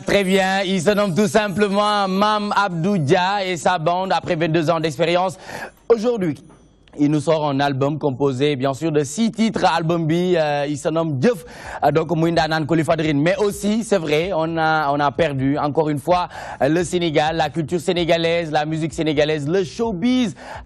très bien. Il se nomme tout simplement Mam Dia et sa bande, après 22 ans d'expérience, aujourd'hui, il nous sort un album composé, bien sûr, de six titres. Album B, euh, il se nomme Dieuf, euh, donc Mouindanan Koulifadrine. Mais aussi, c'est vrai, on a, on a perdu, encore une fois, le Sénégal, la culture sénégalaise, la musique sénégalaise, le showbiz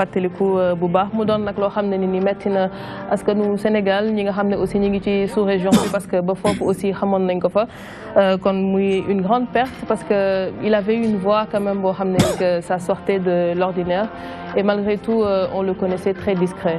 fàttaliku euh, bu baax mu doon nag loo xam ni ni metti na askanu Sénégal ñi nga xam aussi ñi ngi ci sous région parce que ba aussi xamoon nañ ko fa euh, kon muy une grande perte parce que il avait une voix quand même hamne que ça sortait de l'ordinaire et malgré tout euh, on le connaissait très discret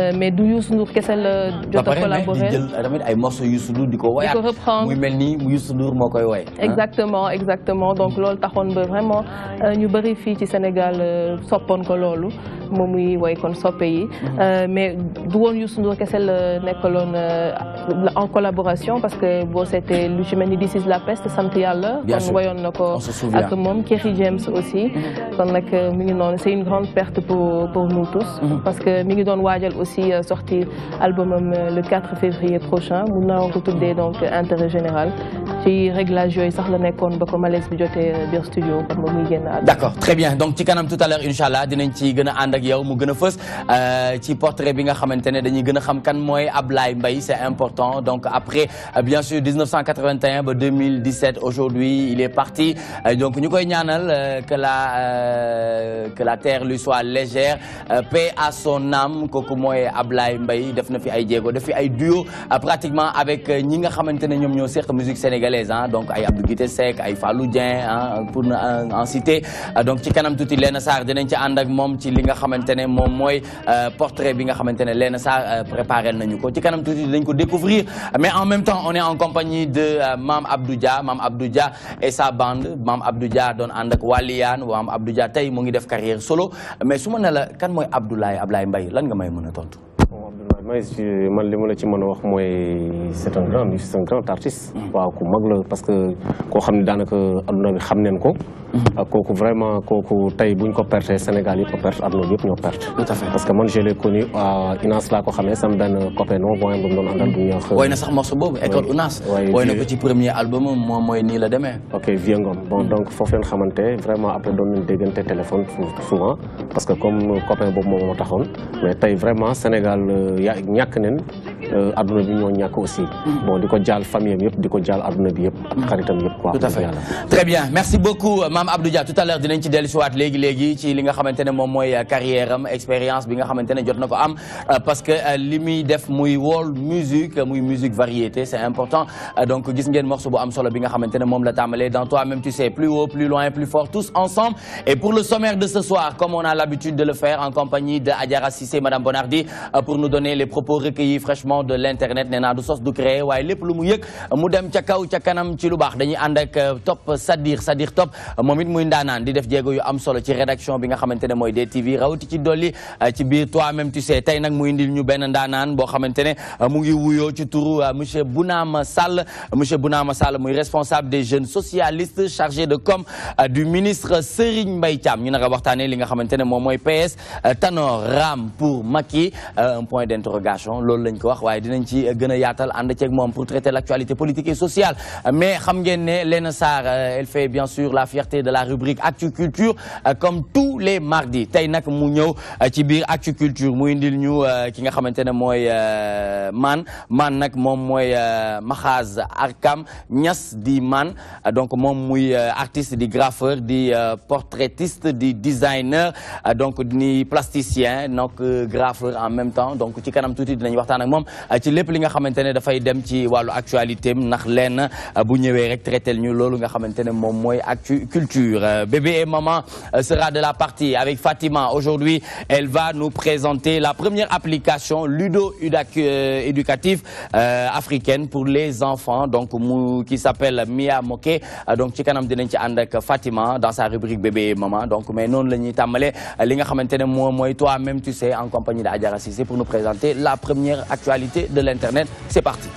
Euh, mais du Youssou kessel kese la jot a collaboré di jël tamit ay morceaux Youssou Ndour di ko woyaat di muy mel Ndour moo koy ah. exactement exactement donc loolu taxone ba vraiment euh, ñu bari fi ci Sénégal euh, sopone ko loolu moom muy woy kon soppe yi mhm. mais du won Youssou Ndour kese la en collaboration parce que boo c'était lu ci mel This is la peste sant yàlla on wayon nako ak mom Kerry James aussi mhm. kon nak mi ngi noonu c'est une grande perte pour pour nous tous mhm. parce que mi ngi doon waajal aussi aussi euh, sorti albumam euh, le 4 février prochain Nous naa ko tuddee donc intérêt général ci réglage joyeux ça la nekkoon ba ko malaise bi jotee euh, biir studio comme moom muy d'accord très bien donc ci kanam tout à l'heure incha allah dinañ ci gën a ànd ak yow mu gën a fës ci portrait bi nga xamante ne dañuy gën a xam kan mooy Ablaye Mbaye c'est important donc après bien sûr 1981 ba 2017 aujourd'hui il est parti donc nous koy ñaanal que la que la terre lui soit légère paix à son âme kooku mooy Abdoulaye Ablaye Mbaye def na fi ay jéego def fi ay duo euh, pratiquement avec euh, ñi nga xamantene ñom ñoo musique sénégalaise hein. donc ay Abdou Guité Sek ay Fallou Dieng hein, pour euh, en citer donc ci kanam tuuti Léna Sarr dinañ ci ànd ak ci li nga xamantene mom moy portrait bi nga xamantene ne Léna Sarr préparé nañu ko ci kanam dinañ ko découvrir mais en même temps on est en compagnie de Mam Abdouja, Dia Abdouja et sa bande Mam Abdouja Dia andak Walian ak Mam Abdouja Abdou Dia tey ngi def carrière solo mais suma ma ne la kan moy Abdoulaye Ablaye Mbaye lan nga may mëna bah, mais li ma la ci wax c'est un grand c'est un grand artiste. Mm. waaw ku parce que koo xam ne que adduna bi xam ko. Mm. ak vraiment kooku tey buñ ko perte Sénégal yëpp ko perte adduna bi ñoo perte. tout à fait parce que moi je l'ai connu à Unas laa ko ça me donne copain non voyant bu mu doon àndal bu ñuy wax. Mm. woy na sax morceau boobu école Unas. woy ko ci premier album moi moi ni la demee. ok viens ngoom bon donc faut faire xamante vraiment après doon nañu déggante téléphone souvent parce que comme copain boobu moom moo taxoon mais tey vraiment Sénégal. Euh, nen euh, aduna bi aussi mm. bon famille bi mm. xaritam tout à fait très bien merci beaucoup Mme Abdouja tout à l'heure dinañ ci ci wat légui ci carrière am expérience bi nga euh, parce que euh, limi def musique muy musique variété c'est important donc gis ngeen morceau bu am solo bi nga la dans toi même tu sais plus haut plus loin plus fort tous ensemble et pour le sommaire de ce soir comme on a l'habitude de le faire en compagnie de Adiara, Sissé Madame Bonardi pour nous donner donné les propos recueillis fraîchement de l'internet n'est naa du sos du créer waye lepp lu mu yek mu dem ci kaw ci kanam ci lu bax dañuy and ak euh, Top Sadir Sadir Top euh, momit muy ndanan di def jéego yu am solo ci rédaction bi nga xamante moy DTV rawti ci doli euh, ci biir toi même tu sais tay nak muy indil ñu ben ndanan bo xamante mu ngi wuyo ci turu monsieur bounam Sall monsieur bounam Sall muy responsable des jeunes socialistes chargé de com du ministre Serigne Mbaye Thiam ñu naka waxtaanee li nga xamante mom moy PS Tanor Ram pour maki un point d'interrogation loolu lañ ko wax waaye dinañ ci gën a pour traiter l'actualité politique et sociale mais xam ngeen Léna Sarr euh, elle fait bien sûr la fierté de la rubrique Actu Culture euh, comme tous les mardis aujourd'hui, nag mu ñëw euh, ci biir Actu Culture mu indil ñu ki nga xamante man man c'est moom Arkam Niass di man donc mon muy artiste di graffeur di portraitiste di designer donc ni plasticien donc graffeur en même temps donc ci kanam tuuti dinañ waxtaan ak mom ah, ci lepp li nga xamantene da fay dem ci walu actualité nakh len ah, bu ñëwé rek traité ñu lolu nga xamantene mom moy mooy actu culture euh, bébé et maman euh, sera de la partie avec Fatima aujourd'hui elle va nous présenter la première application ludo euh, éducative africaine pour les enfants donc mu qui s'appelle Mia Moké donc ci kanam dinañ ci and ak Fatima dans sa rubrique bébé et maman donc mais non lañuy tamalé li nga xamantene mom moy toi-même tu sais en compagnie de Adjara Cissé pour nous présenter la première actualité de l'Internet. C'est parti.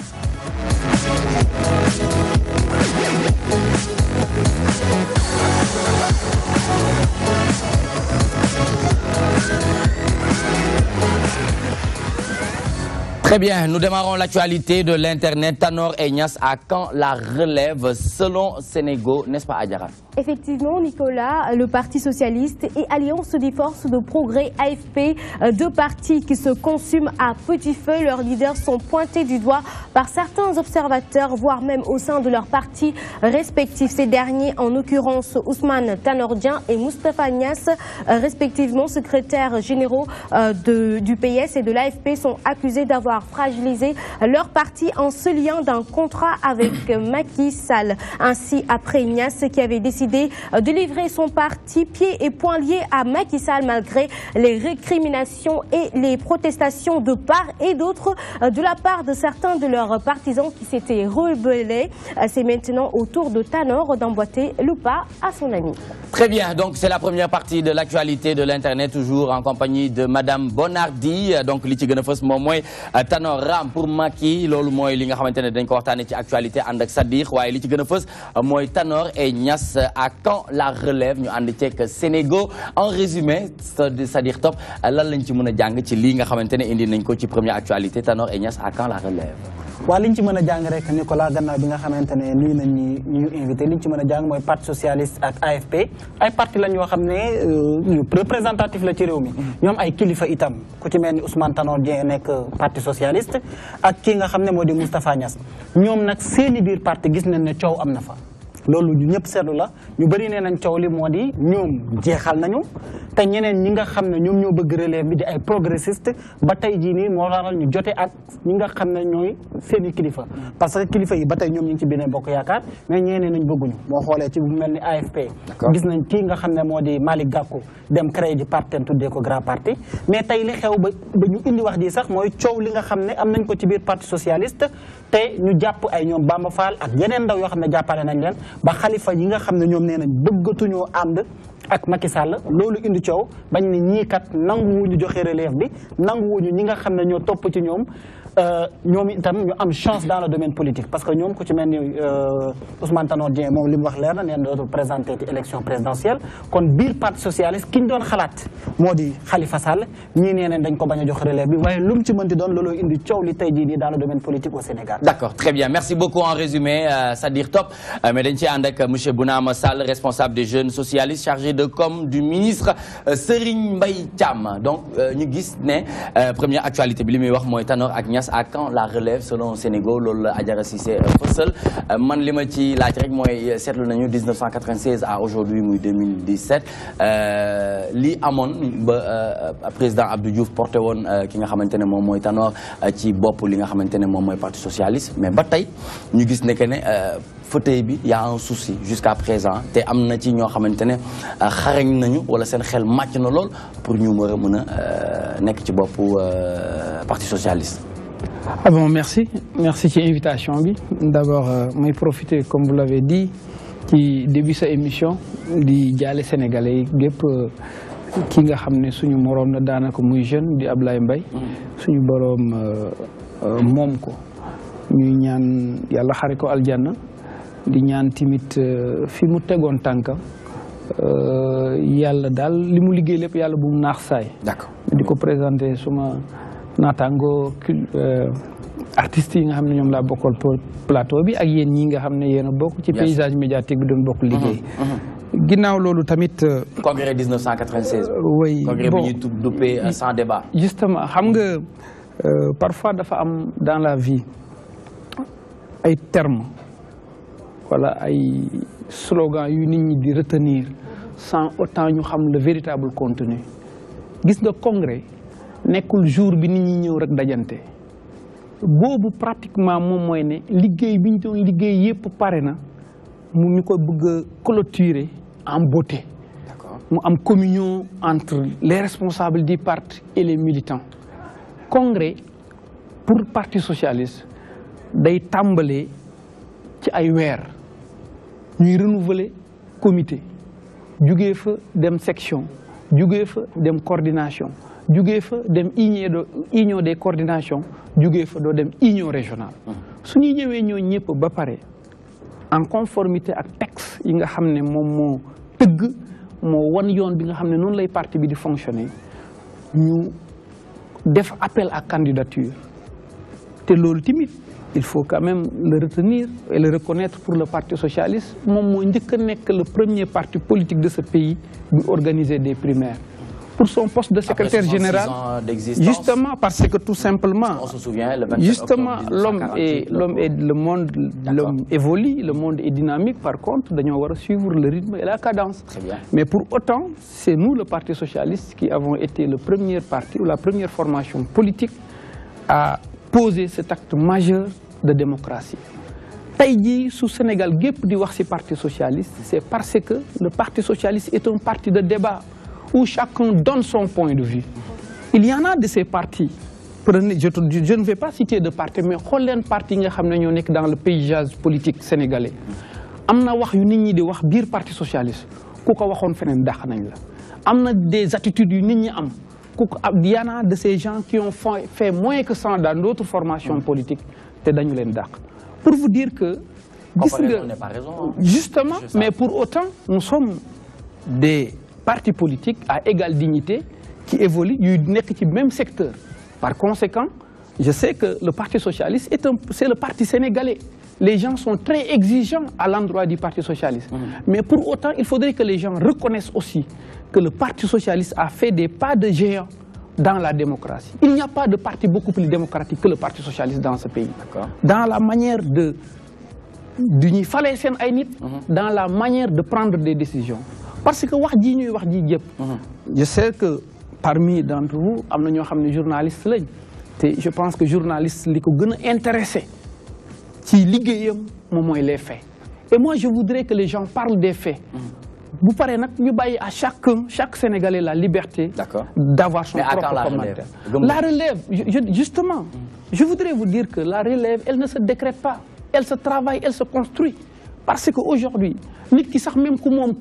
Eh bien, nous démarrons l'actualité de l'Internet. Tanor et Nias à quand la relève selon Sénégal, n'est-ce pas Adjara Effectivement, Nicolas, le Parti Socialiste et Alliance des Forces de Progrès AFP, euh, deux partis qui se consument à petit feu. Leurs leaders sont pointés du doigt par certains observateurs, voire même au sein de leurs partis respectifs. Ces derniers, en l'occurrence Ousmane Tanordien et Moustapha Nias, euh, respectivement secrétaires généraux euh, du PS et de l'AFP, sont accusés d'avoir fragiliser leur parti en se liant d'un contrat avec Macky Sall. Ainsi, après Ignace qui avait décidé euh, de livrer son parti pied et poing lié à Macky Sall malgré les récriminations et les protestations de part et d'autre euh, de la part de certains de leurs partisans qui s'étaient rebellés. Euh, c'est maintenant au tour de Tanor d'emboîter le pas à son ami. Très bien, donc c'est la première partie de l'actualité de l'Internet, toujours en compagnie de Madame Bonardi. Donc, l'Itigenefos Momoy. Tanor Ram pour maki lolou moy li nga xamantene dañ ko waxtaanee ci actualité ànd ak Sadikh waaye li ci gëna a moy euh, mooy Tanor et Niass euh, à quand la relève ñu ànd ceeg Sénégal en résumé Sadikh Top euh, lan lañ ci mëna jang ci li nga xamantene indi nañ ko ci première actualité Tanor et Niass à quand la relève waa li ci mën a jàng rek Nicolas gannaaw bi nga xamante ne nii nañ ñi ñu invité li ñu ci mën a jàng mooy parti socialiste ak AFP ay parti lañ yoo xam ne ñu euh, représentatif la ci réew mi mm-hmm. ñoom ay kilifa itam ku ci mel ni Ousmane Tanor Dieng nekk parti socialiste ak kii nga xam ne moo di Moustapha Niass ñoom nag seeni biir parti gis nañ ne coow am na fa loolu ñu ñëpp seetlu la ñu bëri nee nañ coow li moo di ñoom jeexal nañu te ñeneen ñi nga xam ne ñoom ñoo bëgg relève mi di ay progressiste ba tey jii nii moo waral ñu jote ak ñi nga xam ne ñooy seen i kilifa. parce que kilifa yi ba tey ñoom ñu ngi ci beneen bokk yaakaar mais ñeneen nañ bëgguñu moo xoolee ci bu mel ni AFP. gis nañ kii nga xam ne moo di Malick Gakou dem créé ji parti tuddee ko grand parti mais tey li xew ba ba ñu indi wax ji sax mooy coow li nga xam ne am nañ ko ci biir parti socialiste. te ñu jàpp ay ñoom Bamba Fall ak yeneen ndaw yoo xam ne jàppale nañ leen ba xalifa yi nga xam ne ñoom nee nañ bëggatuñoo ànd ak Macky Sall loolu indi coow bañ ne ñii kat ñu joxe relève bi nanguwuñu ñi nga xam ne ñoo topp ci ñoom nous euh, avons ñu am chance dans le domaine politique parce que nous, ku ci mel ni euh, Ousmane Tanor Dieng moom li wax présenté l'élection élection présidentielle kon biir parti socialiste qui ñu doon xalaat moo Khalifa Sall ñii nee neen dañ ko bañ a jox relève bi waaye lu mu ci mënti doon looloo indi li dans le domaine politique au Sénégal d'accord très bien merci beaucoup en résumé euh, Sadir Top mais dañ ci ànd ak monsieur Bounama responsable des jeunes socialistes chargé de com du ministre Serigne Mbaye Thiam donc ñu gis ne première actualité bi li muy wax mooy Tanor ak Thiès à quand la relève selon Sénégal loolu la Adjara Cissé euh, fësal euh, man li ma rek mooy euh, nañu 1996 à aujourd'hui 2017 li amoon ba président Abdou Diouf porté woon ki nga xamante ne moom mooy Tanor ci bopp li nga xamante ne moom parti socialiste mais ba tey ñu gis ne que Il fauteuil bi y a un souci jusqu'à présent te am na ci ñoo xamante ne xarañ nañu wala seen xel faire na lool pour ñu war a mën a ci bopp parti socialiste ah bon, merci. Merci pour l'invitation. D'abord, moi euh, profite, comme vous l'avez dit, qui début cette émission, di jaale Sénégalais gépp euh, ki nga xam ne suñu moroom na daanaka muy jeune di Ablaye Mbaye mm. suñu boroom euh, euh, moom ko ñuy ñaan yàlla xare ko aljanna di ñaan timit fi mu tegoon tànkam yàlla daal li mu liggéey lépp yàlla bu mu naax saay d'accord di présenter présenté suma naataango euh, artistes yi nga xam ne ñoom plateau bi ak yéen ñi nga xam ne yéen ci paysage médiatique bi doon bokk mhm, liggéey. Mhm. ginnaaw loolu tamit. Euh, congrès 1996. Euh, oui congrès YouTube ñuy sans débat. justement xam nga parfois dafa am dans la vie ay termes wala ay slogans yu nit ñi di retenir sans autant ñu xam le véritable contenu gis nga congrès nekul jour bi nit ñi ñëw rek dajanté bobu pratiquement mom moy ne liggéey bi ñu doon liggéey yépp pare na mu ñu ko bëgg clôturer en beauté. mu am communion entre les responsables du parti et les militants. congrès pour parti socialiste day tambalé ci ay weer ñuy renouveler comité jugee fa dem section jugee fa dem coordination jugee fa dem union de des coordination du fa doo dem union régionale hmm. su ñuy ñoo ñëpp en conformité avec le texte nous avons fait ne appel à candidature C'est l'ultime. il faut quand même le retenir et le reconnaître pour le parti socialiste Nous ne sommes que le premier parti politique de ce pays à organiser des primaires pour son poste de secrétaire général Justement parce que tout simplement, justement l'homme et l'homme et le monde l'homme évolue, le monde est dynamique. Par contre, nous devons suivre le rythme et la cadence. Mais pour autant, c'est nous le Parti socialiste qui avons été le premier parti ou la première formation politique à poser cet acte majeur de démocratie. Taïgi, sous Sénégal gépp di parti socialiste c'est parce que le parti socialiste est un parti de débat où chacun donne son point de vue. Il y en a de ces partis. Je, ne vais pas citer de parti, mais a des partis dans le paysage politique sénégalais Il y a parti socialiste des attitudes yu y a de ces gens qui ont fait moins que ça dans d'autres formations mm. politiques pour vous dire que hein. justement mais pour autant nous sommes des parti politique à égale dignité qui évolue dans le même secteur. Par conséquent, je sais que le Parti Socialiste, c'est le parti sénégalais. Les gens sont très exigeants à l'endroit du Parti Socialiste. Mmh. Mais pour autant, il faudrait que les gens reconnaissent aussi que le Parti Socialiste a fait des pas de géant dans la démocratie. Il n'y a pas de parti beaucoup plus démocratique que le Parti Socialiste dans ce pays. Dans la manière de... Mmh. Dans la manière de prendre des décisions parce que mhm. je sais que parmi d'entre vous am ñoo xam je pense que les journalistes ko gën a intéressé ci liggéeyam moom mooy les faits et moi je voudrais que les gens parlent des faits Vous mhm. parlez de ñu bàyyi à chacun chaque Sénégalais la liberté d'avoir son propre commentaire la relève justement mhm. je voudrais vous dire que la relève elle ne se décrète pas elle se travaille elle se construit parce qu'aujourd'hui, nous qui ki même comment moom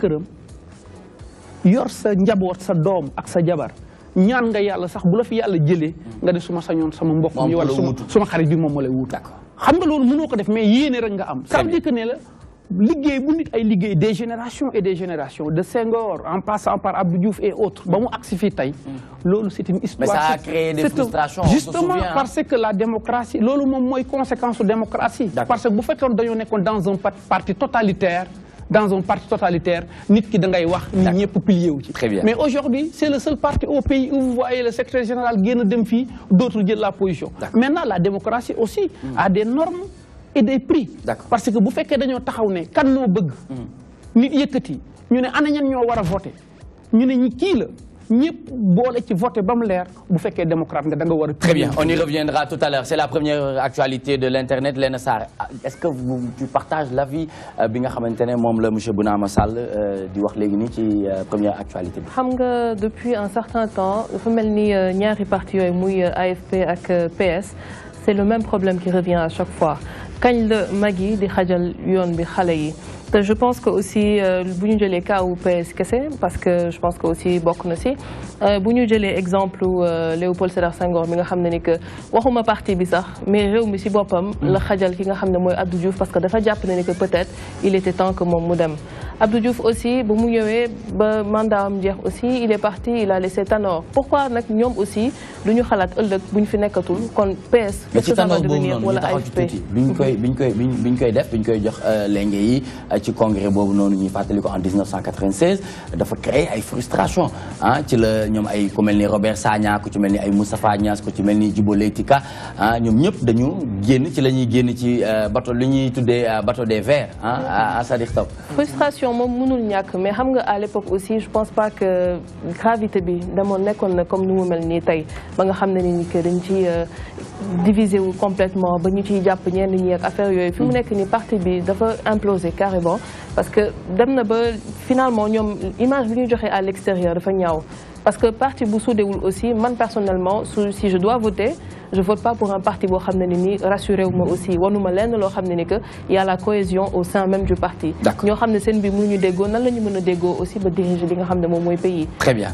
yor sa njaboot sa doom ak sa jabar ñaan nga yàlla sax bu la fi yàlla jëlee nga ne su ma sañoon sama mbokk mi wala suma xarit bi moom moo lay wuutu xam nga loolu mënoo ko def mais yéene rek nga am ça veut dire que ne la des générations et de Senghor en passant ba mu agsi fii tey hmm. loolu c'est une histoire a créé des frustrations justement parce que la démocratie loolu moom mooy conséquence démocratie parce que bu fekkoon dañoo nekkoon dans un parti totalitaire dans un parti totalitaire, nit qui dangay wax ni ñepp pilier wu Mais aujourd'hui, c'est le seul parti au pays où vous voyez le secrétaire général guen dem fi, d'autres jël la position. Maintenant, la démocratie aussi hmm. a des normes et des prix. Parce que vous faites que dañoo taxaw né kan lo bëgg. Hmm. Nit yëkëti ñu né ana ñan ñoo wara voter. Ñu né ñi ki la très bien on y reviendra tout à l'heure c'est la première actualité de l'internet Léna ah, est-ce que tu partages l'avis de M. Bouna première actualité depuis un certain temps nous AFP PS c'est le même problème qui revient à chaque fois kañ de te je pense que aussi buñu jëlé cas wu PS kese parce que je pense que aussi euh, bokku na ci bu ñu jëlee exemple euh, Léopold Sédar Senghor mi nga xamné ni que waxuma parti bi sax mais réew mi ci bopam mm. la xajal ki nga xamné moy Abdou Diouf parce que dafa japp né que peut-être il était temps que mom mu dem Abdou Diouf aussi bu mu ñëwé ba mandat am jeex aussi il est parti il a laissé Tanor pourquoi nak ñom aussi du xalat xalaat buñ fi nekkatul kon PS ce que ça va devenir wala AFP biñ koy biñ koy biñ koy def biñ koy jox euh, lengue yi ci congrès bobu nonu ñi fàttali ko en 1996 dafa créer ay frustration hein ah, ci le ñom ay ku mel ni Robert Sagna ku ci melni ay Moustapha Niass ku ci melni ni Djibo Leyti Ka ah ñoom dañu génn ci lañuy ñuy génn ci euh, bateau li ñuy tuddee euh, bateau des verts hein à Sadikh Top frustration mom mënul ñak mais xam nga à l'époque aussi je pense pas que gravité bi demoon nekkoon na comme nu mu mel nii ba nga xam ne ni que dañ ci euh, divisé ou complètement ba ñu ci japp ñen ñi ak affaire yooyu fimu mm. nek ni parti bi dafa imploser carrément parce que dem na ba finalement ñom image bi ñu joxé à l'extérieur dafa ñaaw parce que parti bu soudéwul aussi man personnellement si je dois voter je vote pas pour un parti boo xam ne ni ma mm-hmm. aussi wanuma lenn loo xam ne ni que y a la cohésion au sein même du parti ñoo xam ne seen bi mënuñu déggoo nan la ñu mën aussi ba diriger li nga pays très bien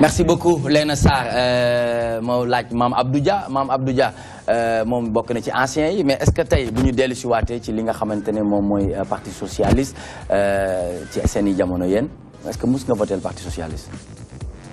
merci beaucoup Léna Sarr euh, moo laaj Mame Mme Dia Mame Abdou euh, na ci yi mais est-ce que tey bu ñu dellu si waatee ci li nga xamante ne moom euh, parti socialiste ci seen i jamono est-ce que mus nga voter le parti socialiste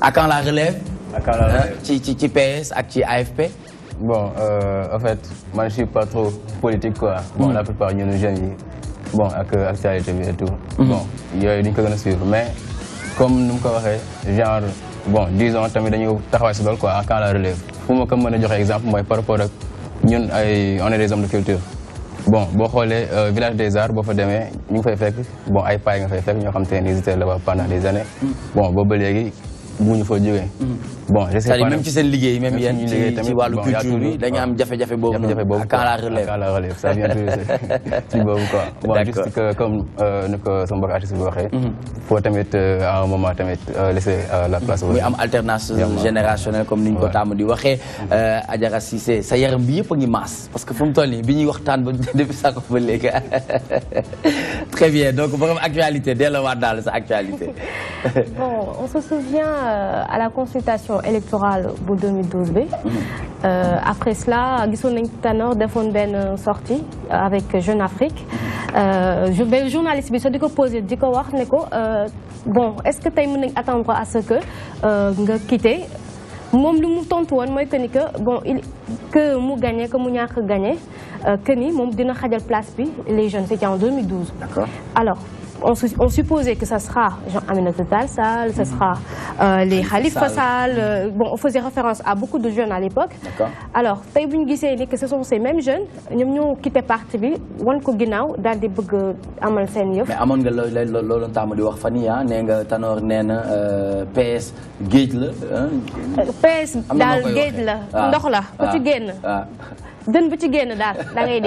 À quand la relève. À quand la hein? relève ci ci ci PS ak ci AFP. bon euh, en fait moi je suis pas trop politique quoi. bon mm. la plupart ñun jeunes bon ak euh, actualité et tout. Mm-hmm. bon yooyu duñ ko gën a suivre mais comme nous genre bon disons tamit dañu taxawaay si loolu quoi À quand la relève Pour moi, comme je a exemple par rapport à nous, on est des hommes de culture. bon boo le euh, village des arts vous fa demee ñu faisons fay bon ay paay nga fay fekk ñoo xam te ne là-bas pendant des années. Mm. bon vous ba bu fa jógee. Mm. bon je même ci seen liggéey même yéen ci ci wàllu culture bi dañu am jafe-jafe boobu noonu. jafe-jafe boobu quoi la relève à la relève ça vient de ci boobu quoi. bon juste que comme euh, ni ko son mbokk artiste bi waxee. Mm-hmm. faut tamit euh, à un moment tamit euh, laisser la place. muy am alternance générationnelle comme ni ñu ko taamu di waxee. Mm-hmm. Adjara Cissé sa yaram bi yëpp a ngi maas parce que fu mu toll nii bi ñuy waxtaan ba depuis saako ba léegi très bien donc borom actualité dès delloowaat daal sa actualité. bon on se souvient. Euh, à la consultation électorale pour 2012 euh, après cela gisoon Tanor defoon ben sortie avec Jeune Afrique benn euh, journaliste mais soo di ko posé wax euh, bon est-ce que tu mën nañ attendre à ce que nga quitter mom lu mu tontu moy que ni que bon il que mu gagné que mu ñak gagné que ni mom dina xajal place bi les jeunes c'était en 2012 D'accord. alors on, on, supposait que ça sera Jean-Aminata Tal ça mhm. sera euh, les Khalifa Sall. Euh, bon, on faisait référence à beaucoup de jeunes à l'époque. Alors, tey bu ñu que ce sont ces mêmes jeunes nous ñoo quitté parti bi wan ko ginnaaw daal di bëgg amal seen yëf. mais amoon nga loo loolu taamu di wax fan yii ah, nee nga Tanor nee euh, PS géej la. Hein? Euh, PS dal géej la ndox la ku ah. ci génn. Ah bu ci génn da ngay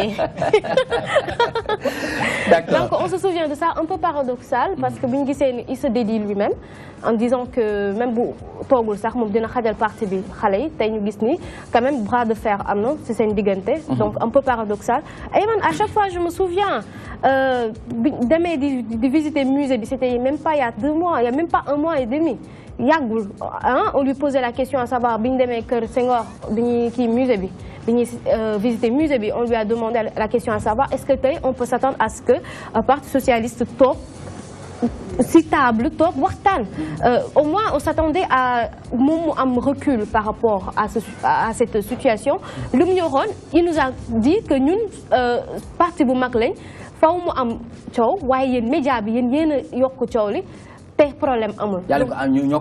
donc on se souvient de ça un peu paradoxal. parce que bu il se dédie lui-même en disant que même bu toogul sax moom dina xajal parti bi xale yi tey ñu gis ni quand même bras de fer am na ci seen mhm. donc un peu paradoxal. et même à chaque fois je me souviens euh, bi demee di di visiter musée bi c'était même pas il y a deux mois il y a même pas un mois et demi. Hein, on lui posait la question à savoir bi ñu demee kër Senghor bi musée bi. Euh, visiter musée on lui a demandé la question à savoir est-ce que on peut s'attendre à ce que euh, parti socialiste top, citable, top, euh, au moins on s'attendait à un recul par rapport à cette situation Le il nous a dit que nous, parti bu problème ñu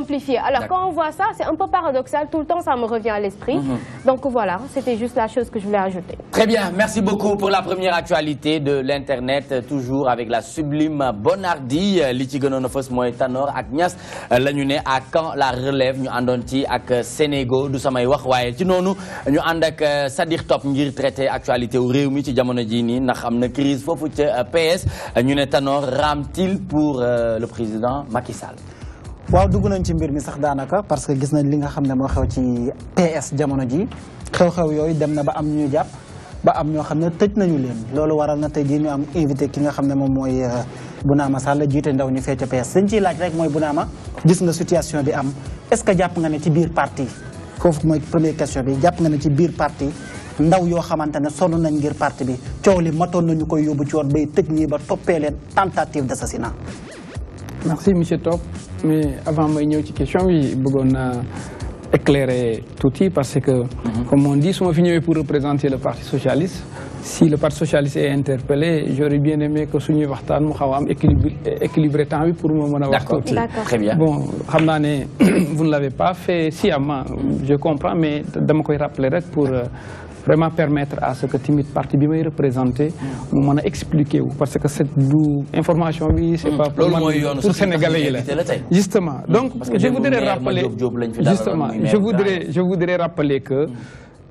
amplifié alors quand on voit ça c'est un peu paradoxal tout le temps ça me revient à l'esprit. Mm-hmm. donc voilà c'était juste la chose que je voulais ajouter. très bien merci beaucoup pour la première actualité de l'internet toujours avec la sublime Bonardi li Moetanor Agnès a à quand la relève ñu à ci ak Sénégal du samay wax nous ci ñu euh, Top ngir traité actualité wu réew mi ci jamono crise euh, PS ñu Ramtil, pour euh, le président Macky Sall. waaw dugg nañ ci mbir mi sax daanaka parce que gis nañ li nga xam ne moo xew ci PS jamono ji xew-xew yooyu dem na ba am ñuy jàpp ba am ñoo xam ne tëj nañu leen loolu waral na tey jii ñu am invité ki nga xam ne moom mooy euh, ma Sall jiite ndaw ñu fee ca PS dañ ci laaj rek mooy bu naa ma gis nga situation bi am est-ce que jàpp nga ne ci biir parti foofu mooy première question bi jàpp nga ne ci biir parti ndaw yoo xamante ne sonn nañ ngir parti bi coow li matoon nañu koy yóbbu ci woon bay tëj ñii ba toppee leen tentative d'assassinat merci M. Top mais avant may ñëw ci question je voudrais éclairer tout ça, parce que mhm. comme on dit je suis venu pour représenter le parti socialiste si le parti socialiste est interpellé j'aurais bien aimé que ce Vartan mu xaw équilibré temps pour moi, très bien bon vous ne l'avez pas fait sciemment je comprends mais je koy rappeler pour euh, vraiment permettre à ce que timide parti bi may représenté expliquer parce que cette information c'est hmm. pas pour pour sénégalais justement hmm. donc je voudrais rappeler justement je voudrais je voudrais rappeler que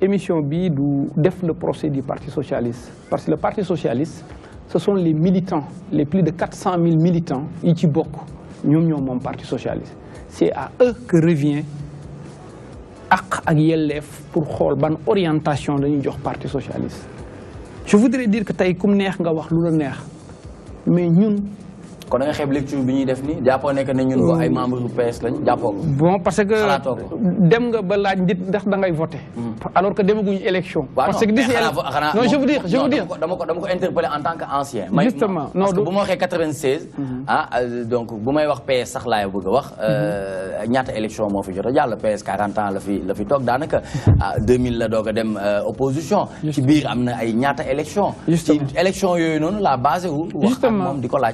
émission bi du def le procès du parti socialiste parce que le parti socialiste ce sont les militants les plus de 400 000 militants yi ci bokk le parti socialiste c'est à eux que revient pour ban orientation de parti socialiste je voudrais dire que mais kon da nga xeeb lecture bi ñuy def ni? jàppoo nekk ne ñun ay mm. membres yu PS lañ jàppoo ko. bon parce que dem nga ba laaj nit ndax da ngay voté. Mm. alors que demaguñu élection. parce que d'ici non je veux dire je veux dire. dama ko dama ko interpellé en tant que ancien. justement non parce que bu 96. Mm-hmm. ah euh, donc bu may wax PS sax laay bëgg a wax. Euh, mm-hmm. ñaata élection moo fi jot a PS 40 ans la fi la fi toog daanaka 2000 ah, la doog dem euh, opposition. ci biir am na ay ñaata élection. ci élection yooyu noonu la base wu. wax ak moom di ko laaj.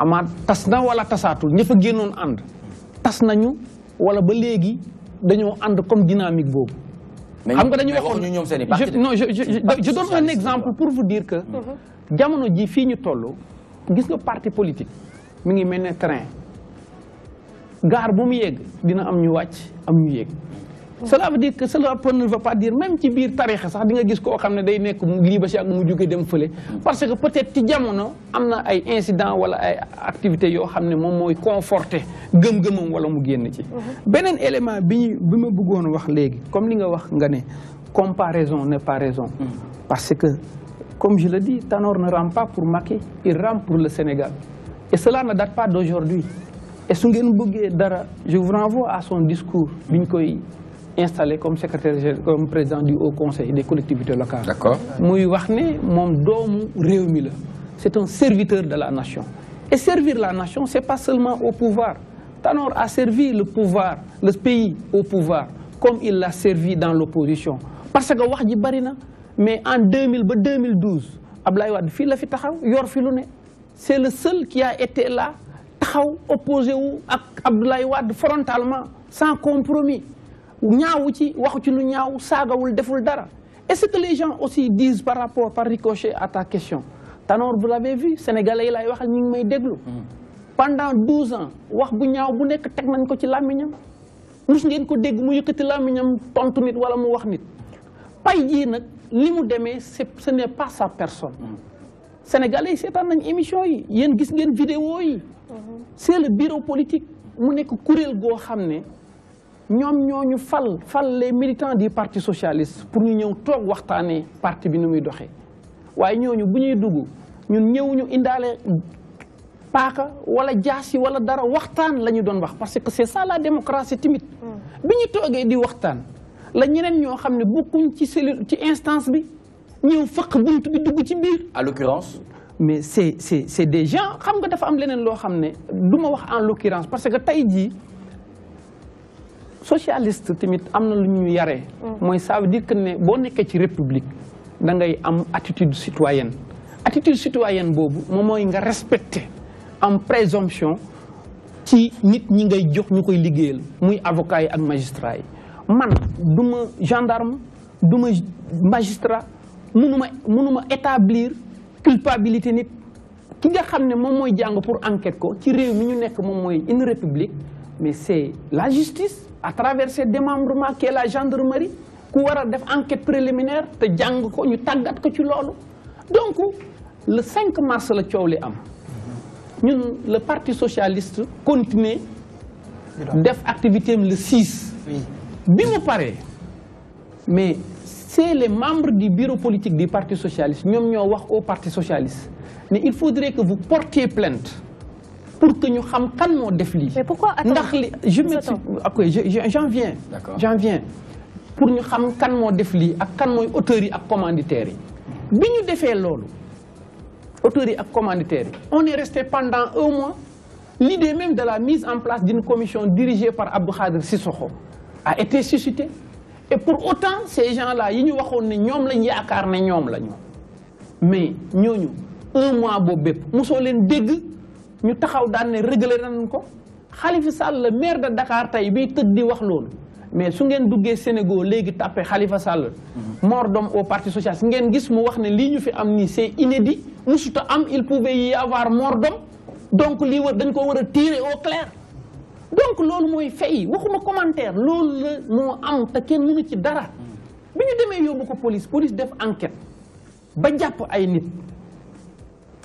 amaat tas na wala tasaatul ña fa génnoon ànd tas nañu wala ba léegi dañoo ànd comme dynamique boobu. xam nga dañu waxoon ñoom seen i non je je je donne un exemple pour vous dire que. Mhm. jamono ji fii ñu toll gis nga parti politique mi ngi mel ne train gaar bu mu yegg dina am ñu wàcc am ñu yegg. Mmh. cela veut dire que cela ne va pas dire même si biir tarixa sax di nga gis ko xam day nek lii ba si ak mu jóge dem feulé parce que peut-être ti jamono amna ay incident wala ay activité yo xam mom moy mooy conforté gëm-gëmam wala mu génn ci mmh. benen élément bi bima bëggone wax légui comme li nga wax nga né comparaison n'est pas raison mmh. parce que comme je le dis Tanor ne rampe pas pour Macky il rampe pour le Sénégal et cela ne date pas d'aujourd'hui et su ngeen voulez, dara je vous renvoie à son discours biñ koy installé comme secrétaire comme président du Haut Conseil des collectivités locales. D'accord. c'est un serviteur de la nation et servir la nation c'est pas seulement au pouvoir Tanor a servi le pouvoir le pays au pouvoir comme il l'a servi dans l'opposition parce que wax barina, mais en 2012 Abdoulaye Wade la c'est le seul qui a été là opposé à ak Abdoulaye frontalement sans compromis ci ci et ce que les gens aussi disent par rapport par à ta question Tanor vous l'avez vu sénégalais pendant 12 ans wax bu bu nek tek nañ ko ci mus ngeen ko dégg mu yëkëti ils tontu nit wala mu wax nit pay ce n'est pas sa personne sénégalais c'est émission yi vidéo mhm. c'est le bureau politique mu nek go nous les militants du parti socialiste pour ñu parti parce que c'est ça la démocratie timide. Mm. la ci ci instance l'occurrence mais c'est des gens xam nga dafa am en l'occurrence parce que as dit socialiste tamit am mm. dire que ci république da ngay attitude citoyenne attitude citoyenne nga respecter en présomption ci nit ñi ngay avocat ak magistrat yi man gendarme magistrat mënuma établir culpabilité nit ne pour une république mais c'est la justice à travers ces démembrements est la gendarmerie ku y a enquête préliminaire te jang ko ñu tagat ko ci donc le 5 mars le parti socialiste continue def activité le 6. bi mu mais c'est les membres du bureau politique du parti socialiste nous, ñoo wax au parti socialiste mais il faudrait que vous portiez plainte pour que nous xam kan moo def mais pourquoi ndax j'en viens. j'en viens pour ñu xam kan moo def a ak kan a auteurs yi ak commanditaire. yi. bi ñu defee loolu yi ak on est resté pendant un mois l'idée même de la mise en place d'une commission dirigée par Abdou Khadir Sissoko a été suscitée et pour autant ces gens-là ils ñu ont ne qu'ils lañ yaakaar ne la mais ñooñu un mois nous bépp mosoo ñu taxaw daan ne réglé nañ ko Khalifa Sall maire de Dakar tay bi tëdd di wax lool mais su ngeen duggé Sénégal légui tapé Khalifa Sall. mordom au parti socialiste ngeen gis mu wax ne li ñu fi am ni c'est inédit musuta am il pouvait y avoir mordom donc li wër dañ ko war tirer au clair. donc lool moy fay waxuma commentaire lool mo am ta kenn mënu ci dara biñu démé demee ko police police def enquête ba japp ay nit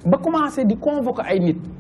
ba commencer di convoquer ay nit.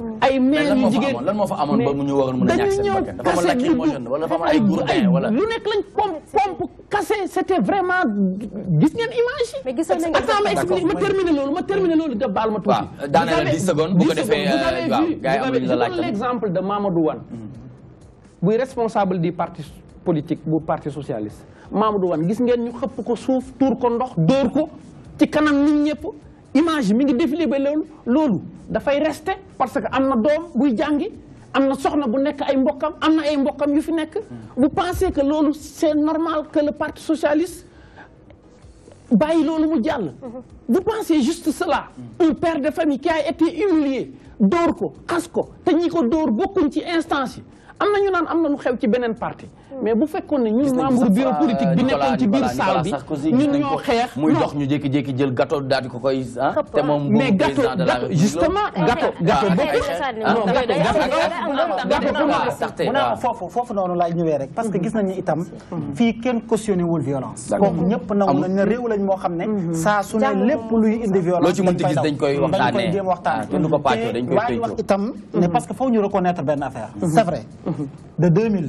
Mm. ay maire yu moo fa amoon ba mu ñu waroon mën a ñàkk seen bakkan dafa lakk wala moon ay gourdin wala lu nekk lañ pompe pompe cassé c'était vraiment gis ngeen image yi attends ma explique ma terminer loolu ma terminer loolu de baal ma tuuti waaw daaneel dix secondes bu ko defee euh, waaw gars yi amuñu la laaj l'exemple de Mamadou Wane mm-hmm. buy responsable du parti politique bu parti socialiste Mamadou Wane gis ngeen ñu xëpp ko suuf tuur ko ndox dóor ko ci kanam nit ñëpp image mi ngi défilé ba loolu loolu dafay parce que amna dom buy jangi amna soxna bu nek ay mbokam amna ay mbokam yu fi nek vous pensez que loolu c'est normal que le parti socialiste baye loolu mu jall vous pensez juste cela mm. un père de famille qui a été humilié dor ko xas ko te ñi ko dóor bokkuñ ci instance amna ñu nan amna lu xew ci benen parti mais bu fekkoon ne ñun membre bureau politique bi nekkoon ci biir salle bi ñun ñoo xex muy dox ñu jéki jéki jël gâteau daal di ko koy ah te moom mais gâteau gâteau justement gâteau gâteau bokkul non gâteau gâteau mu fofu fofu nonu noonu laay ñëwee rek parce que gis nañu itam mm-hmm. fi kenn cautionné wul violence kooku ñëpp nangu na ne réew lañ mo xamné ne mm-hmm. saa lepp luy indi violence lo ci mën mënti gis dañ koy waxtaane dañ koy jéem waxtaane ah, dañ ko pàccoo dañ koy tëjoo wax itam ne mm-hmm. parce que faw ñu reconnaître ben affaire c'est vrai de 2000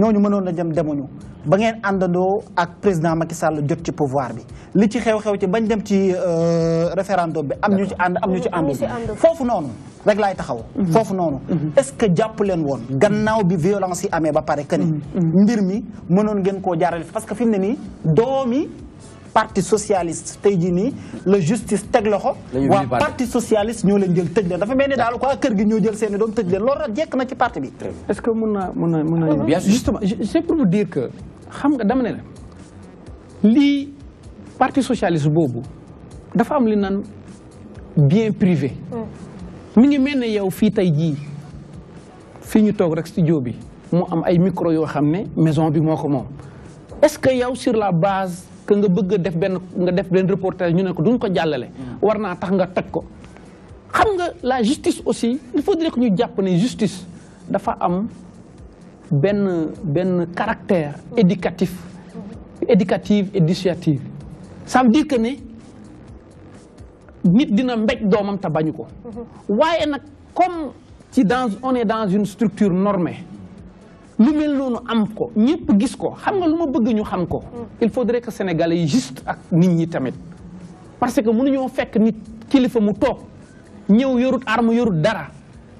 ñooñu mënoon a dem demuñu ba ngeen àndandoo ak président Macky Sall jot ci pouvoir bi li ci xew-xew ci bañ dem ci euh, référendum bi am ñu ci ànd am ñu ci àndul foofu noonu rek laay taxaw mhm. foofu noonu mhm. est-ce que jàpp leen woon gannaaw bi violence yi amee ba pare que mhm. mbir mi mënoon ngeen koo jaarale parce que fi mu ne nii doomi parti socialiste tey jii le justice teg loxo wa parti socialiste ñoo leen jël tej leen dafa mel ni daal quoi kër gi ñoo jël seeni doom tej leen loolu nag jek na ci parti bi est-ce que mun naa mun na justement c'est pour vous dire que xam nga dama ne la parti socialiste bobu dafa am li nan bien privé mm. mi ngi mel ne yow fi tey jii fii ñu toog rek studio bi mu am ay micro yoo xam ne maison bi moo ko moom est-ce que yow sur la base que nga bëgg def ben nga def ben reportage ñu ne ko duñ ko jàllale mm. war naa tax nga toj ko xam nga la justice aussi il faudrait que ñu jàpp ne justice dafa am ben ben caractère éducatif éducative et dissuative ça veut dire que ne nit dina mbéj doomam te bañu ko mm-hmm. waaye nag comme ci dans on est dans une structure normée il faudrait que sénégalais juste ak nit ñi parce que ñu fekk nit kilifa mu yorut arme yorut dara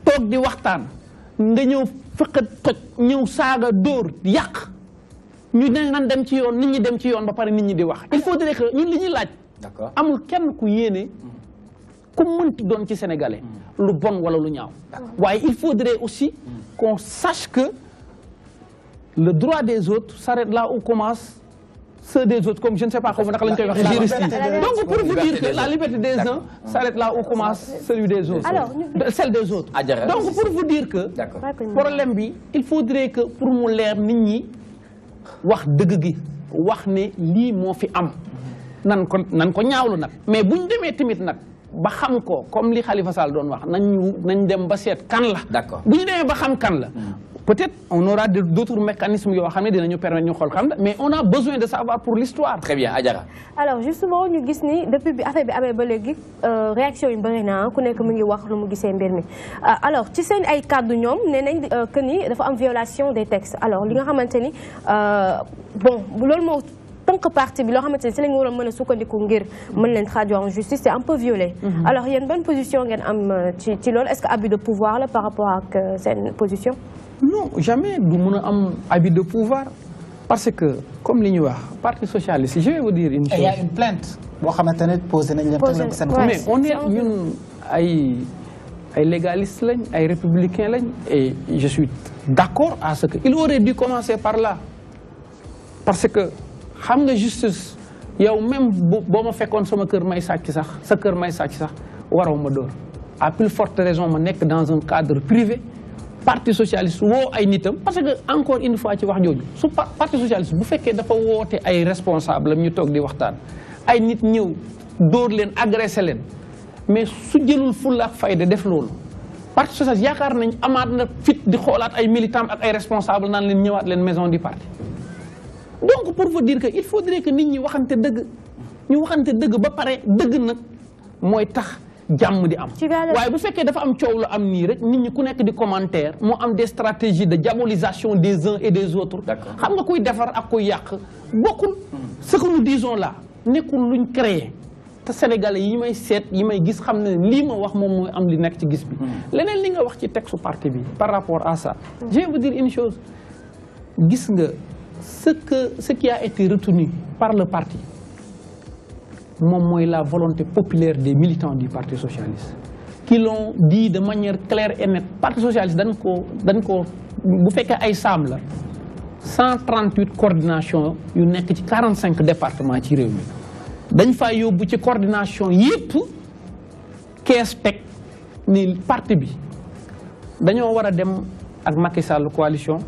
tok di waxtaan nga nous tok ñu ne dem ci yoon nit ñi dem ci yoon ba nit ñi di wax. il faudrait que ñun li laaj. amul kenn ku bon il faudrait aussi mm. qu'on sache que le droit des autres s'arrête là où commence ceux des autres, comme je ne sais pas comment on le Donc pour vous dire que la liberté des uns s'arrête là où commence celui des autres, celle des autres. Ah, Donc pour vous dire que, pour problème, il faudrait que pour mon l'air, nous wax deug gi wax ne li mo fi am nan ko nan ko ñaawlu nak mais buñ démé timit nak ba xam ko comme li khalifa sall doon wax nañ nañ dem ba kan la d'accord buñ démé ba xam kan la hmm. Peut-être on aura d'autres mécanismes qui nous permettre de mais on a besoin de savoir pour l'histoire. Très bien, Alors justement, nous avons depuis que la réaction est Alors, tu sais, nous, violation des textes. Alors, nous euh, avons que parti bi si en justice c'est un peu violé mm-hmm. alors une bonne position est am euh, ci ci loolu est-ce que abus de pouvoir là par rapport à cette euh, position non jamais Nous avons a abus de pouvoir parce que comme li le parti socialiste je vais vous dire une chose. il y a une plainte posé plainte. mais on est ñun ay ay légaliste un républicain et je suis d'accord à ce qu'il aurait dû commencer par là parce que xam nga justice yow même boo ma fekkoon sama kër may sàcc sax sa kër may sàcc sax waraw ma dóor a plus forte raison ma nek dans un cadre privé parti socialiste wo ay nitam parce que encore une fois ci wax jojo su parti socialiste bu fekkee dafa woote ay responsable ñu tok di waxtaan ay nit ñew dóor leen agresser leen mais su jëlul fulla ak fayda def loolu parti socialiste yaakar nañ amaat na fit di xoolaat ay militants ak ay responsable nan leen ñëwaat leen maison du parti donc pour vous dire que il faudrait que nit ñi waxante dëgg ñu waxante dëgg ba paré dëgg nak moy tax jamm di am waaye bu féké dafa am ciow lu am ni rek nit ñi ku nekk di commentaire mo am des stratégies de diabolisation des uns et des autres xam nga kuy défar ak kuy yàq bokul ce que nous disons là nekkul luñ créer ta sénégalais yi may sét yi may gis xamna li ma wax mom moy am li nekk ci gis bi hmm. leneen li nga wax ci texte parti bi par rapport à ça je vais vous dire une chose gis nga ce, que, ce qui a été retenu par le parti, c'est la volonté populaire des militants du parti socialiste qui l'ont dit de manière claire et nette parti socialiste dañ ko dañ ko bu ay la 138 coordination il y a 45 départements qui sont réunis. Il y a ci coordination qui respecte le parti il y a dem ak Macky Sall coalition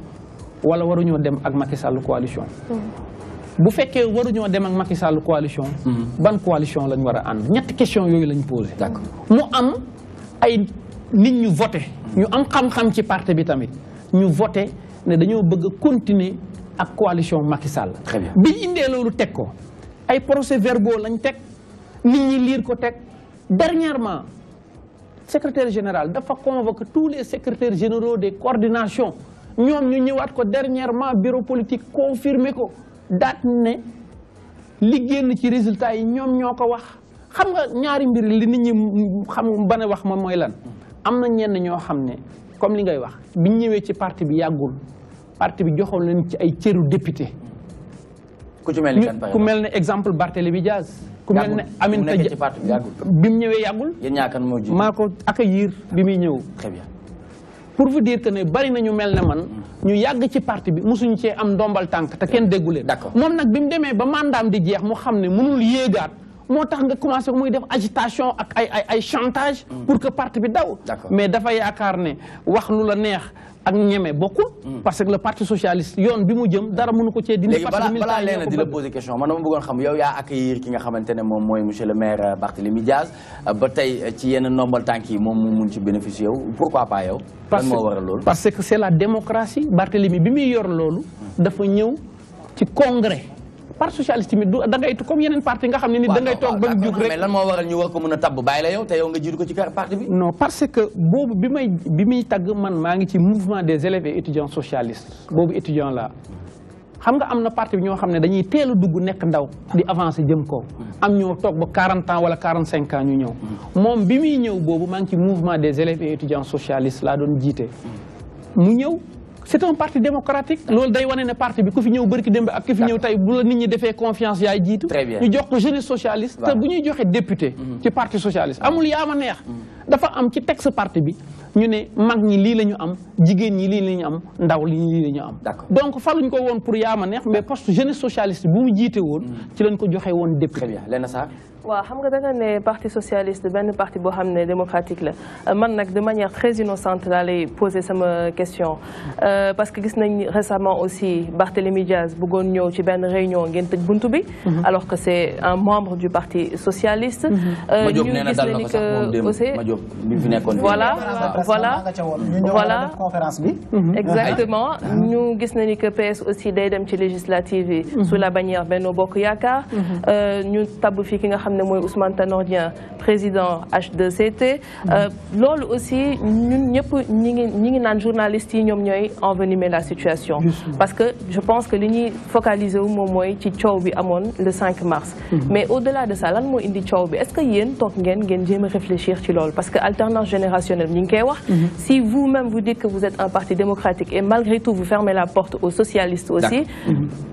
wala waruñu dem ak Macky Sall coalition. Mm-hmm. bu dem ak Macky Sall coalition. Mm-hmm. ban coalition lañ war a ànd question am ay voté. am xam-xam ci parti bi tamit voté bëgg continuer ak coalition Macky ay procès verbaux lañ ñi ko dernièrement secrétaire général dafa convoqué tous les secrétaires généraux des coordinations. ñoom ñu ñëwaat ko dernièrement bureau politique confirmé ko daat ne li génn ci résultat yi ñoom ñoo ko wax xam nga ñaari mbir li nit ñi xam ban wax ma mooy lan am na ñenn ñoo xam ne comme li ngay wax biñ ñëwee ci parti bi yàggul parti bi joxoon leen ci ay cëru député ku ci mel ni ku mel ne exemple Barthélémy Diaz ku mel ne Aminata Dia bi mu ñëwee yàggul yéen ñaa kan moo maa ko accueillir bi muy ñëw pour vous dire que ne bari na ñu mel ne man ñu yàgg ci parti bi mosuñu cee am ndombal tànk te kenn déggu leen. d'accord moom nag bi mu demee ba mandaam di jeex mu xam ne mënul yéegaat moo tax nga commencé muy def agitation ak ay ay ay chantage. Mm. pour que parti bi daw. mais dafa yaakaar ne wax lu la neex. ak ñeme bokkul. Hmm. parce que le parti socialiste yoon bi mu jëm dara munu ko cee dindi. léegi balaa balaa leena di la poser question man dama xam yow yaa accueillir ki nga xamante ne moom mooy monsieur le maire euh, Barthélémy Diaz euh, ba tey euh, ci yenn ndombal tànk yi moom mu mun ci bénéficier yow pourquoi pas yow. parce que c'est la démocratie Barthélémy bi muy yor loolu. Hmm. dafa ñëw ci congrès. parti socialiste tamit da ngay comme yeneen parti nga xam ne ni da ngay toog ba mu rek mais a tabb bàyyi la parce que boobu bi may bi muy tagg man maa ngi ci mouvement des élèves et étudiants socialistes boobu étudiant la xam nga am na parti bi ñoo xam ne dañuy teel a dugg nekk ndaw di avancer jëm ko hmm. am ñoo toog ba 40 ans wala 45 ans ñu ñëw hmm. moom bi muy ñëw boobu maa ngi ci mouvement des élèves et étudiants socialistes laa doon jiite hmm. mu ñëw c'est un parti démocratique loolu day wone né parti bi ku fi ñew barki dembe ak ku fi ñew tay bu la nit ñi défé confiance yaay jiitu ñu jox ko jeunesse socialiste té bu ñuy joxe député mhm. ci parti socialiste amul yaama neex mhm. dafa am ci texte parti bi ñu né mag ñi lii la am jigéen ñi li lañu am ndaw li lii lañu am donc faluñ ko won pour yaama neex mais poste jeunesse socialiste bu mu jité won mhm. ci lañ ko joxé won député sax – Oui, xam nga da nga parti socialiste le parti démocratique la euh, de manière très innocente d'aller poser cette question euh, parce que gis nañ récemment aussi Barthélémy Diaz bëggoon ñëw ci une réunion qui tëj buntu bi mhm. alors que c'est un membre du parti socialiste mhm. euh, ñu gis ne ni que aussi voilà voilà voilà mhm. exactement Nous avons vu que PS aussi day dem ci législative sous la bannière Beno Bokk Nous avons vu ki xam ne Ousmane Tanordien, président H2CT. Euh, loolu aussi ñun ñëpp ñi ngi ñi ngi journalistes yi ñoom ñooy envenimer la situation. parce que je pense que li ñuy focaliser wu moy ci bi amone le 5 mars. Mhm. mais au-delà de ça lan mo indi bi est-ce que y a ngeen ngeen qui réfléchir ci loolu parce que alternance générationnelle ñi wax. Mhm. si vous-même vous dites que vous êtes un parti démocratique et malgré tout vous fermez la porte aux socialistes aussi.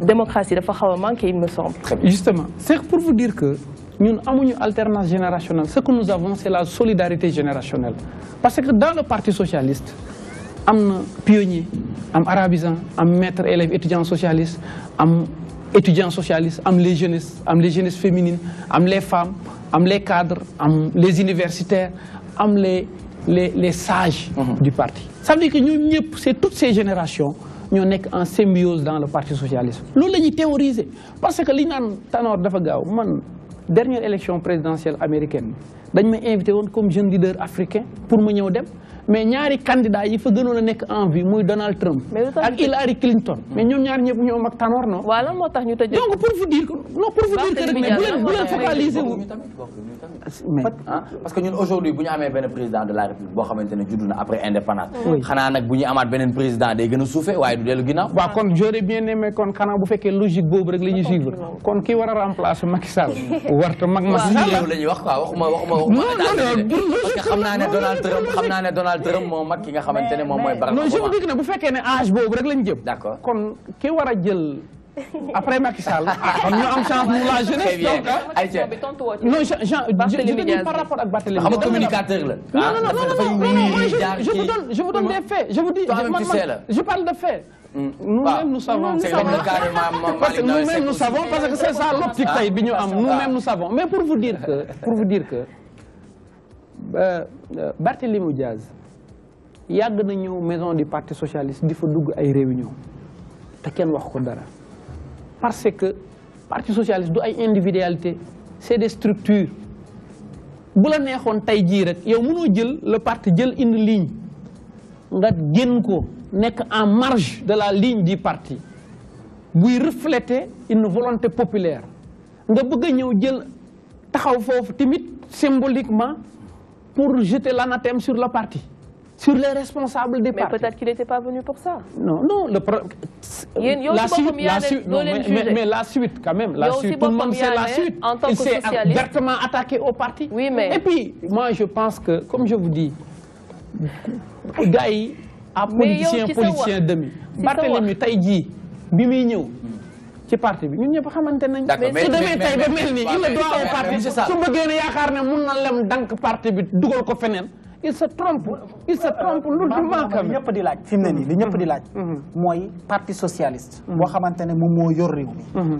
démocratie dafa que a manquer, il me semble. Justement, c'est pour vous dire que avons une alternance générationnelle ce que nous avons c'est la solidarité générationnelle parce que dans le parti socialiste am pionniers pionnier am arabisant am maître élève étudiants socialistes, am étudiants socialistes am les jeunes, am les jeunes féminines am les femmes am les cadres am les universitaires am les les les sages mhm. du parti ça veut dire que nous, toutes ces générations nous sommes en symbiose dans le parti socialiste Nous, la théorisé. parce que li Tanor dafa man dernière élection présidentielle américaine je ma invité comme jeune leader africain pour ma mais ñaari candidat yi fa gënoon a en vie muy Donald Trump. ak Hillary Clinton. mais ñoom ñaar ñepp ñoo mak Tanor non. waaw lan motax ñu tëjee donc pour vous dire que non pour vous dire que rek mais bu leen bu leen focaliser wu. Ah. parce que ñun aujourd'hui buñu amé amee benn président de la république bo xamantene judduna après indépendance. xana nak buñu ñu amaat beneen président day gëna a waye du delu ginaaw wa kon j'aurais bien aimé kon xanaa bu fekkee logique bobu rek la ñuy suivre kon ki wara remplacer Macky Sall. warta mag ma ñu waaw réew la wax quoi waxuma waxuma waxuma. non non parce que xam naa Donald Trump xamna né Donald ñaar mon moo qui ki nga xamante ne moom mooy non je veux dire ne bu fekkee ne âge boobu rek lañ jëm. d'accord kon ki war a après Macky Sall ah ñu am chance mu la jeunesse bien ayca ah. non je par rapport ak Barthélémy xam communicateur là non non non ah, non je vous donne je vous donne des faits je vous dis je parle de faits. Mm. nous-mêmes nous savons. parce que nous-mêmes nous savons parce que c'est ça ah. l'optique tey bi am nous-mêmes nous savons mais pour vous dire que pour vous dire que euh, euh, Barthélémy Diaz y a des maison du parti socialiste qui fa une ay réunion wax ko dara parce que parti socialiste du une individualité c'est des structures bu la neexoon tey rek yow jël le parti jël une ligne nga génn ko en marge de la ligne du parti Il reflète une volonté populaire nga bëgg a un jël taxaw symboliquement pour jeter l'anathème sur le parti sur les responsables des mais partis. Mais peut-être qu'il n'était pas venu pour ça. Non, non, le la suite, la suite non, mais, la suite quand même, la suite, tout le monde sait la suite. Il s'est vertement attaqué au parti. Oui, mais... Et puis, moi je pense que, comme je vous dis, Gaï a politicien, politicien demi. Barthélemy Taïdi, Bimignou. ci parti bi ñun ñëpp pas nañ su demee tey ba mel ni il le doit au parti su bëggee yaakaar ne mun na lem dank parti bi dugal ko il se trompe il se trompe lourdement quand même ñëpp di laaj fi mu ne nii li ñëpp di laaj mm-hmm. mooy parti socialiste mm-hmm. boo xamante ne moom moo yor réew mi mm-hmm.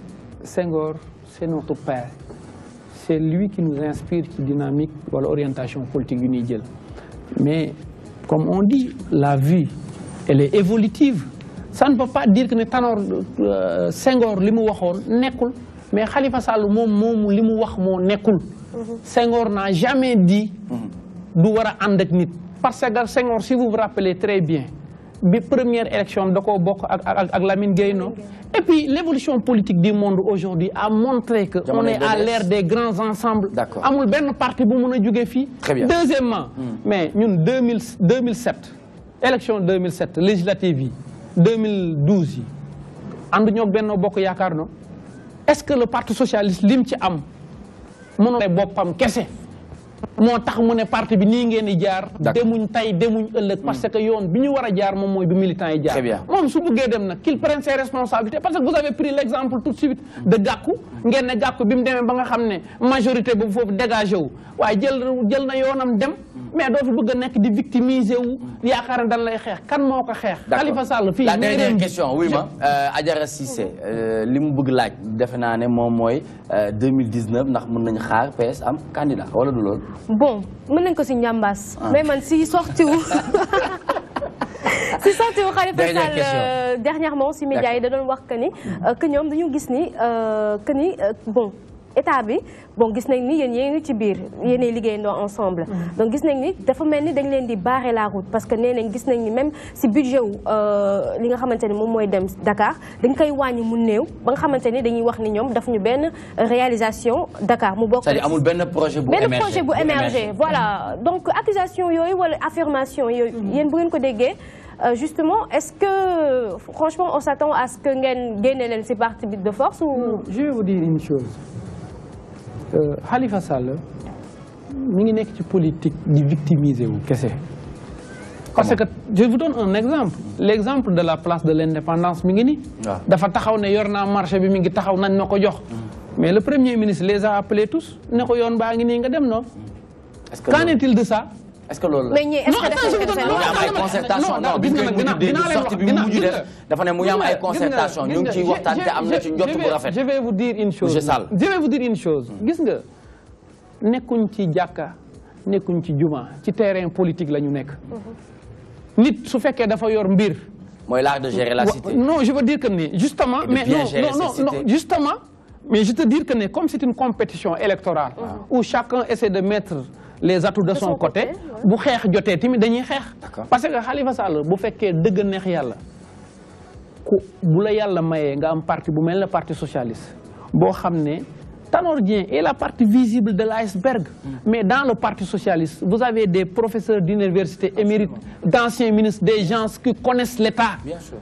Senghor, c'est notre père. C'est lui qui nous inspire qui dynamique l'orientation l'orientation politique du mais comme on dit la vie elle est évolutive ça ne peut pas dire que ne Tanor euh, Senghor mais Khalifa Sall ce Senghor n'a jamais dit qu'il mhm. ne parce que Senghor si vous vous rappelez très bien la première élection de l'a bokk et puis l'évolution politique du monde aujourd'hui a montré qu'on est à l'ère des grands ensembles amul un parti bu meuna très deuxièmement hmm. mais nous, 2007, élection 2007 législative 2012 est ñok Bokk est-ce que le parti socialiste lim ci am moo tax mu ne parti bi nii ngeen di jaar. demuñ tey demuñ ëllëg. Hmm. parce que yoon bi ñu war a jaar moom mooy bi militant yi jaar. moom su bëggee dem nag qu'il prenne ses responsabilités parce que vous avez pris l'exemple tout de suite de Gakou hmm. ngeen ne Gakou bi mu demee ba nga xam ne majorité boobu foofu dégagé wu waaye jël jël na yoonam dem. Hmm. mais doo fi bëgg a nekk di victimiser wu. yaakaar ne dañ lay xeex kan moo ko xeex. Khalifa Sall fii la dernière question oui ma euh, Adjara Cissé euh, li mu bëgg laaj defe naa ne moom mooy 2019 euh, ndax mën nañu xaar PS am candidat wala du loolu. bon mën nañ ko si ñambaas. Ah. mais man si sorti wu si sorti wu Khalifa Sall euh, dernièrement si médias yi da doon wax que ni mm. euh, que ñoom dañu gis ni euh, que ni bon état bi bon gis nañ ni yéen yéen ci biir Ligue liggéeyandoo ensemble mm-hmm. donc gis nañ ni dafa melni dañ leen di barrer la route parce que nee gis nañ ni même si budget euh li nga xamanteni mom moy dem Dakar dañ koy wàññi mu néew ba nga xamanteni dañuy wax ni ñom daf ñu ben réalisation Dakar mu bokk c'est-à-dire amul ben projet bu ben projet bu émergé voilà mm-hmm. donc accusation yoy wala affirmation yoy mm-hmm. yéen bu ngeen ko déggé Euh, justement, est-ce que, franchement, on s'attend à ce que Ngen gagne ces parties de force ou... Je vais vous dire une chose. Euh, Khalifa Sall Mingi ngi ci politique di victimiser wu kese. parce que je vous donne un exemple l'exemple de la place de l'indépendance Mingi ni, nii. Ah. dafa taxaw ne yor marché bi mingi taxaw mais le premier ministre les a appelés tous ne ko ngi qu'en est-il de ça est-ce que loolu mais ñii est-ce que dafay def seen wàll. ay concertation non gis nga nag dinaa leen wax bi gis def dafa né mu am ay concertation ñu ci waxtan té amna ci njott bu rafet. je vais vous dire une chose je vais vous dire une chose gis nga nekkuñ ci jàkka nekkuñ ci juma ci terrain politique lañu ñu nekk. Mhm. nit su fekkee dafa yor mbir. moy l'art de gérer la cité. non je veux dire que ni justement. mais non non non justement. mais je te dire que ne comme c'est une compétition électorale. Ah. où chacun essaie de mettre les atouts de son côté bu xeex joté, tamit dañuy xeex parce que Khalifa Sall bu fekkee dëgg neex yàlla ku bu la yàlla mayee nga am parti bu mel le parti socialiste Vous xam ne est la partie visible de l'iceberg. Mm. Mais dans le Parti socialiste, vous avez des professeurs d'université émérites, d'anciens ministres, des gens qui connaissent l'État. Bien sûr.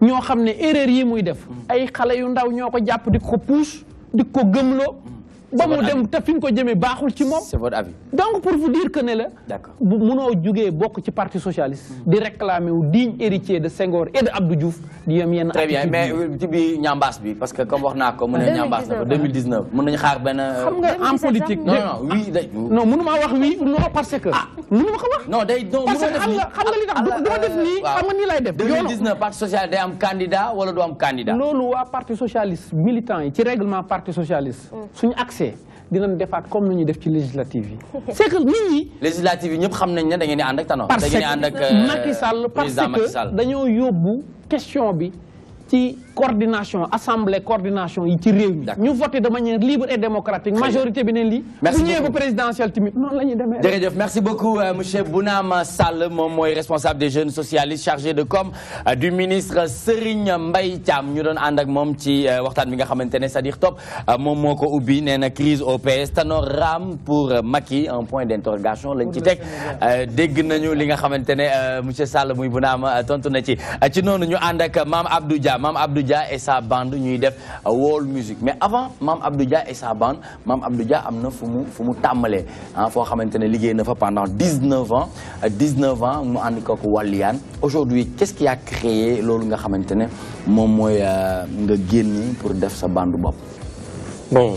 Nous savons erreur yi muy def mm. ay xalé yu ndaw ñoko japp diko pousse diko gëmlo mm ba dem te fi ko jëmee baaxul ci moom. c'est votre avis donc pour vous dire que ne la. d'accord bu munoo ci parti socialiste. di réclamer wu digne héritier de Senghor et de Abdou Diouf. di yem yenn très bien mais ci bi ñambaas bi parce que comme wax naa ko. 2019 mu na ko 2019. mën nañu xaar benn. Euh, en politique. non non oui day. non mënu maa wax oui non parce que. ah mënu ma ko wax. non day non mënoo def parce que xam nga li tax ah, du ma def nii. waaw xam nga nii lay def. 2019 parti socialiste day am candidat wala du am candidat. loolu waa parti socialiste militant yi ci règlement parti socialiste. Mm. suñu accès passé dinañ defaat comme ni ñu def ci législative yi. c'est que nit ñi. législative yi ñëpp xam nañ ne da ngeen di and ak Tanor. da ngeen di and ak euh, Macky Sall parce que dañoo yóbbu question bi ci coordination assemblée coordination yi ci Nous votons de manière libre et démocratique. majorité bi neen lii. merci bu ñëwee présidentielle non merci beaucoup euh, monsieur Bounama Sall moom responsable des jeunes socialistes chargé de com euh, du ministre Serigne Mbaye Thiam ñu un ànd ak moom ci euh, waxtaan bi nga c'est-à-dire top moom moo ko ubbi crise au PS Tanor Raam pour Macky un point d'interrogation lañ ci teg dégg nañu li nga monsieur Sall muy Bounama nous na ci ci noonu ñu Abdouja, Abdou Abdou Dia et sa bande ñuy def euh, world music mais avant Mam Abdou Dia et sa bande Mam Abdou Dia amna fumu fumu tamalé fu mu tàmbalee ah ne liggéey na fa pendant dix-neuf ans euh, dix-neuf ans mu ko ko Waliyaan aujourd'hui qu'est-ce qui a créé lolu nga xamantene mom moy euh, nga génn pour def sa bande bop bon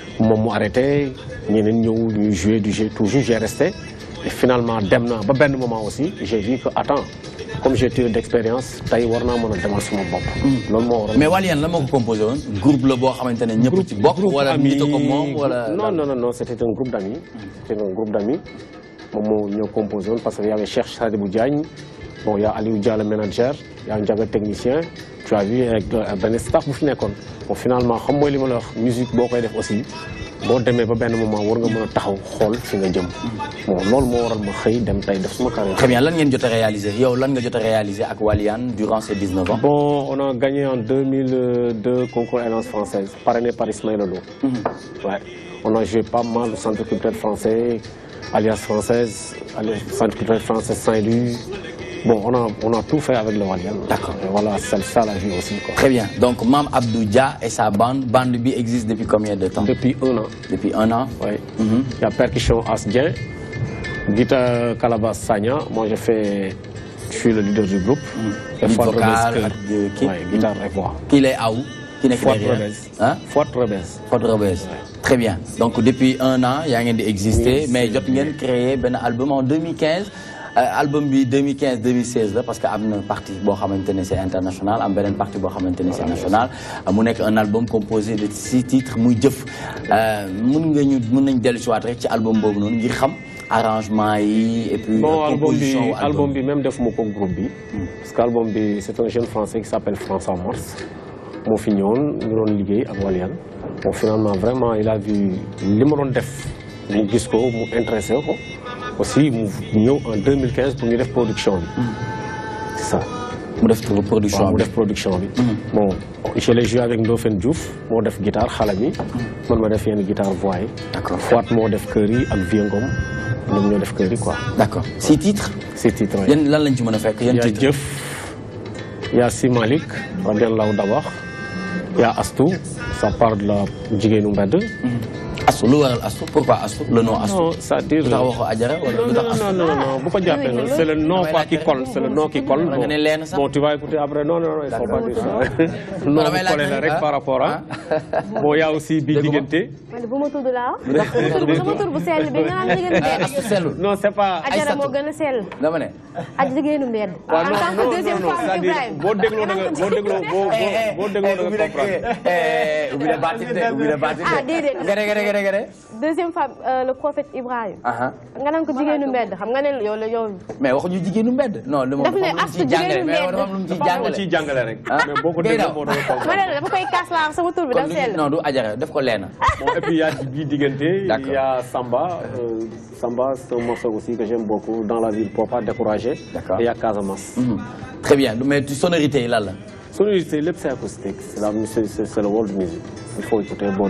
moom arrêté ñeneen ñëw ñuy joué du jeu toujours j'ai resté et finalement dem na ba moment aussi j'ai vu que attends comme j'étais d'expérience tey war naa mën a demal suma hmm. mais Waliyane la moo ko composé groupe la boo xamante ne ñëpp ci bokk. wala non non non c'était un groupe d'amis c'était un groupe d'amis moom moo composé parce qu'il y avait Cherche Sadibou Diagne bon y' a Aliou Dia le manager il y' a un Ndiaga technicien tu as vu un a staff Finalement, fi nekkoon bon finalement xam y li ma la musique boo def aussi bon demee ba benn moment war nga mën a taxaw xool fi nga jëm. bon loolu Je waral ma xëy dem tey def suma carrière. très bien lan ngeen a réalisé yow lan nga a durant ces 19 ans. bon on a gagné en 2002 concours Alliance française parrainé par Ismaël Lolo. Mm-hmm. ouais on a joué pas mal au centre culturel français Alliance française centre culturel français Saint-Louis. Bon, on a, on tout fait avec le Malien. Hein. D'accord. Voilà, c'est ça la vie aussi. Quoi. Très bien. Donc, Mam Abdouja et sa bande, Bande B existe depuis combien de temps Depuis un an. Depuis un an Oui. Mhm. Il y a Percussion Asgien. guitare Calabas Sanya. Moi, je fais. Je suis le leader du groupe. Mhm. Et Fort Rebez. de guitare est à où qui n'est Fort Rebez. Hein? Fort Rebez. Fort Rebez. Très bien. Donc depuis un an, il y a rien d'exister. mais j'ai créé un album en 2015. Euh, album bi 2015 2016 la parce que amna na partie boo xamante c'est international am benen partie bo xamante c'est national euh, mu nek un album composé de six titres muy jëf euh, mën nga ñu mën nañ dellu si rek ci album bobu non ngir xam arrangement yi et puis bon, album bi album bi même defuma ko groupe bi hmm. parce que album bi c'est un jeune français qui s'appelle François Morse. mo fi ñoon ñu don liggéey ak Walian bon finalement vraiment il a vu li ma def mu gis ko mu intéressé ko aussi mu en 2015 pour ñu def production mm. c'est ça. mu def production bi mu def production bi. Mm. bon je l'ai joué avec Ndofène Diouf mo def guitare xale bi. Mm. man ma def yene guitare voix yi. d'accord Fouad mo def kër yi ak viengom Ngom ñoom def kër yi quoi. d'accord six titres. six titres yene lan lañ ci mëna a fekk yan titres yaa jëf yaa Si Malick. Radiyallahu Dabax yaa Astou ça part de la jigéenu mbedd. astu lu waral astu pourquoi astu le nom astu. non c'est-à-dire lu tax waxoo Ajara wala lu tax astu. non après non non non il faut pas dire ça. non bu la rek a aussi bi diggante. bu ah, sell bi nga naan diggante. astu sellul non c'est pas. Ajara moo a deuxième femme euh, le prophète Ibrahim. Ah, ah. nga que xam nga mais ñu non mais rek. Ah. mais non du bon et puis y' a Il y' a Samba. Euh, Samba c'est un morceau aussi que j'aime beaucoup dans la ville pour pas décourager. d'accord y' a Casamance. Mhm. très bien mais sonorité sonorité c'est le world music il faut écouter bon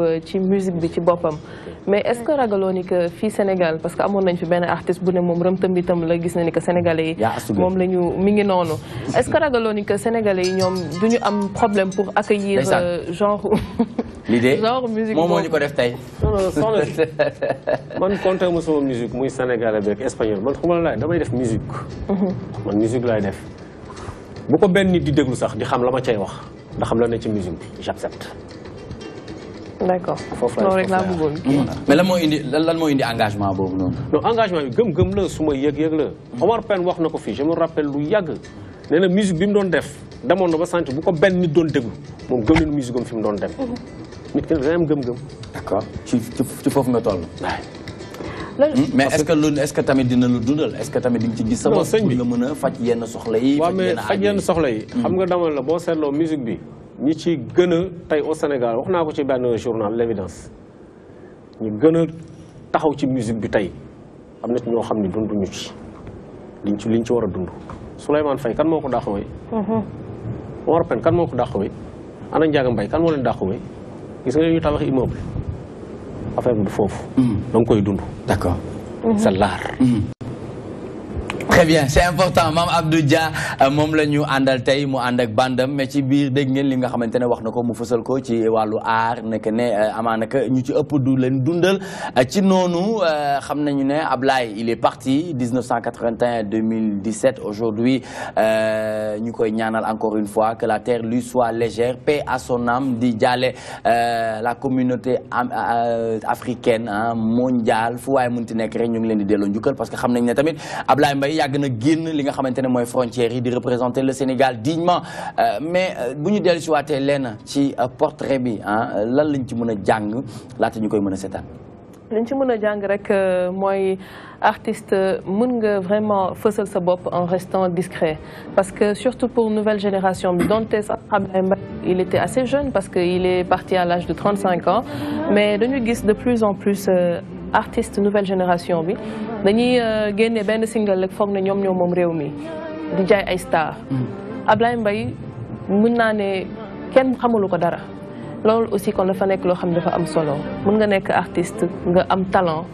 Euh, ci musique bi ci bopam mais est-ce que ragaloo ni que fi Sénégal parce que amoon nañ fi ben artiste bu ne moom rëmtam bitam la gis na que sénégalais mom lañu la ñu mi ngi noonu est-ce que ragaloo ni que sénégalais ñom duñu am problème pour accueillir euh, genre l'idée genre musique mom moo ko def tay non non soxna man konté mo sama musique muy sénégalais bi espagnol man xuma la damay def musique mhm. man musique laay def bu ko ben nit di déglu sax di xam la ma cay wax da xam la ne ci musique j'accepte d'accord foofu rek laa bëggoon mais lan moo indi lan moo indi engagement boobu noonu. non engagement bi gëm-gëm la suma ma yëg-yëg la. Omar Pène wax na ko fii je me rappelle lu yàgg nee na bi mu doon def demoon na ba sant bu ko benn nit doon déglu moom gëm leen musique am fi mu doon dem. Mhm. nit gëm-gëm. d'accord ci ci foofu nga toll. Hmm, mais est que loolu est-ce que tamit dina lu dundal est-ce que tamit di nga ci gis. sa bopp bi nga mën a faj yenn soxla yi. faj yenn soxla yi. xam hmm. nga dama la boo seetloo musique bi. ñi ci gën a tey au Sénégal wax naa ko ci benn journal l'évidence ñu gën a taxaw ci musique bi tey am na ci ñoo xam ne dunduñu ci liñ ci liñ ci war a dund Souleymane Faye kan moo ko dàq way mhm. Omar Pène kan moo ko dàq way ana Ndiaga Mbaye kan moo leen dàq way gis nga ñu tabax immeuble affaire bi du foofu mhm. da koy dund d'accord mhm. c'est l'art très bien c'est important Mme Abdou Dia euh, mom la ñu àndal mu and ak bandam mais ci bir dégg ngeen li nga xamante ne wax na mu ko ci walu art nek ne euh, amana que ñu ci ëpp du leen dundal euh, ci xam nañu Ablaye il est parti 1981 2017 aujourd'hui ñu koy ñaanal encore une fois que la terre lui soit légère paix à son âme di jaale la communauté africaine hein, mondiale fu waaye munti nek rek ñu ngi leen di delo parce que xam nañ ne tamit Ablaye il y a li nga qui représenter le Sénégal dignement euh, mais euh, si euh, portrait bi hein, lan ci artiste vraiment en restant discret parce que surtout pour nouvelle génération Dante il était assez jeune parce que est parti à l'âge de 35 ans mais nous gis de plus en plus artiste nouvelle génération bi dañuy euh, génne ben single ak foog ne ñom ñoo moom réew mi di jaay ay star mm. Ablaye mbay mën na né kenn xamuluko dara lool aussi kon fa nek lo xam ne dafa am solo mën nga nek artiste nga am talent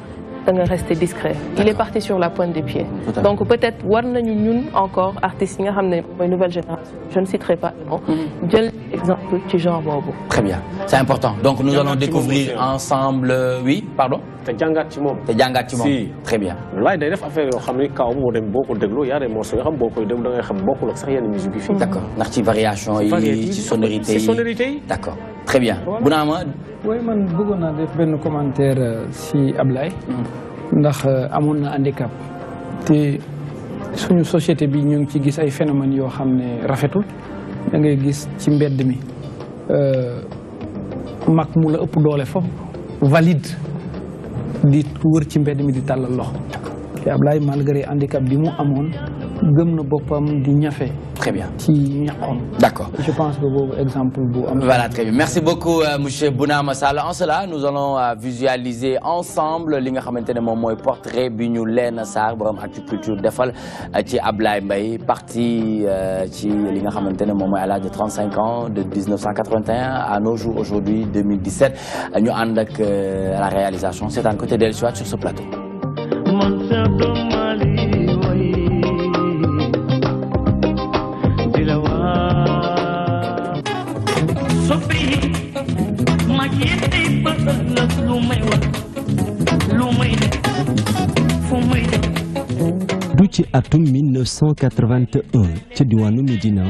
discret il est parti sur la pointe des pieds donc peut-être war nañu ñun encore artistes yi nga une nouvelle génération je ne citerai pas non mhm. jël exemple ci genre bobo très bien c'est important donc nous allons découvrir hein. ensemble euh, oui pardon te jàngaat ci moom te si très bien laay day def affaire yoo xam kaw boo dem boo ko déglu y a des morceaux yoo xam boo koy déglu da ngay xam bokkul sax yenn musique yi d'accord ndax ci variation yi ci sonorité yi d'accord très bien Bounama. oui man bëggoon naa def benn commentaire euh, si ablay, hmm. ndax euh, amoon na handicap. te suñu société bi ñu ngi ci gis ay phénomènes yoo xam ne rafetul da ngay gis ci mbedd mi euh, mag mu la ëpp doole foofu valide di wër ci mbedd mi di tàllal loxo te Ablaye malgré handicap bi mu amoon gëm très bien D'accord. je pense que vos exemple bu am. voilà très bien merci beaucoup euh, monsieur Bounama Sall en cela nous allons euh, visualiser ensemble li nga xamantene portrait bi ñu leen Sarbram, borom agriculture defal euh, ci Ablaye Mbaye parti ci li nga à l'âge de 35 ans de 1981 à nos jours aujourd'hui 2017 ñu avons la réalisation c'est un côté d'El sur ce plateau. ëllëg lu may wax lu may du ci atum 1981 ca diwaanu Médina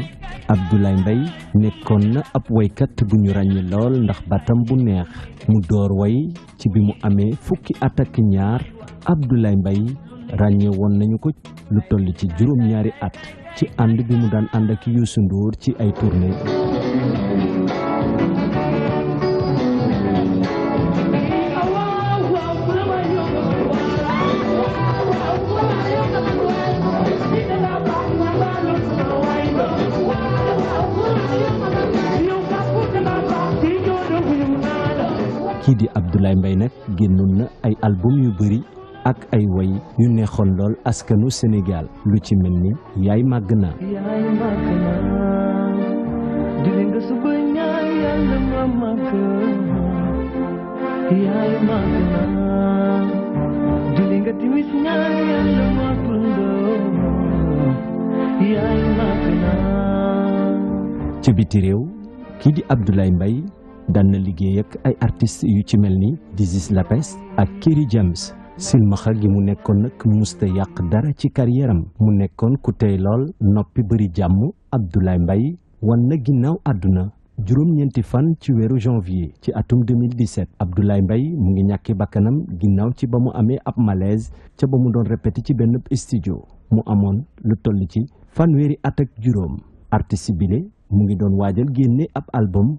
Abdoulaye mbay nekkoon na ab waykat bu ñu ràññi lool ndax batam bu neex mu door way ci bi mu amee fukki at ak ñaar Abdoulaye Mbaye ràññee woon nañu ko lu toll ci juróom-ñaari at ci ànd bi mu daan ànd ak Youssou Ndour ci ay tournée kii di Abdoulaye Mbaye nag génnoon na ay album yu bëri ak ay woy yu neexoon lool askanu Senegal. lu ci mel ni yaay màgg naa yaay màgg naa julli nga timis ñaan yàlla ma dund yaay màgg naa ci biti réew kii di Abdoulaye Mbaye daan na liggéey ak ay artistes yu ci mel ni Dizzy Lapes ak Kerry James silmaxa gi mu nekkoon nag musta yàq dara ci carrière mu nekkoon ku tey lool noppi bëri jàmm Abdoulaye mbay wan na ginnaaw àdduna juróom-ñeenti fan ci weeru janvier ci atum 2017 Abdoulaye Mbaye mu ngi ñàkki bakkanam ginnaaw ci ba mu amee ab malaise ca ba mu doon répété ci benn studio mu amoon lu toll ci fanweeri at ak juróom artiste bile mu ngi doon waajal génne ab album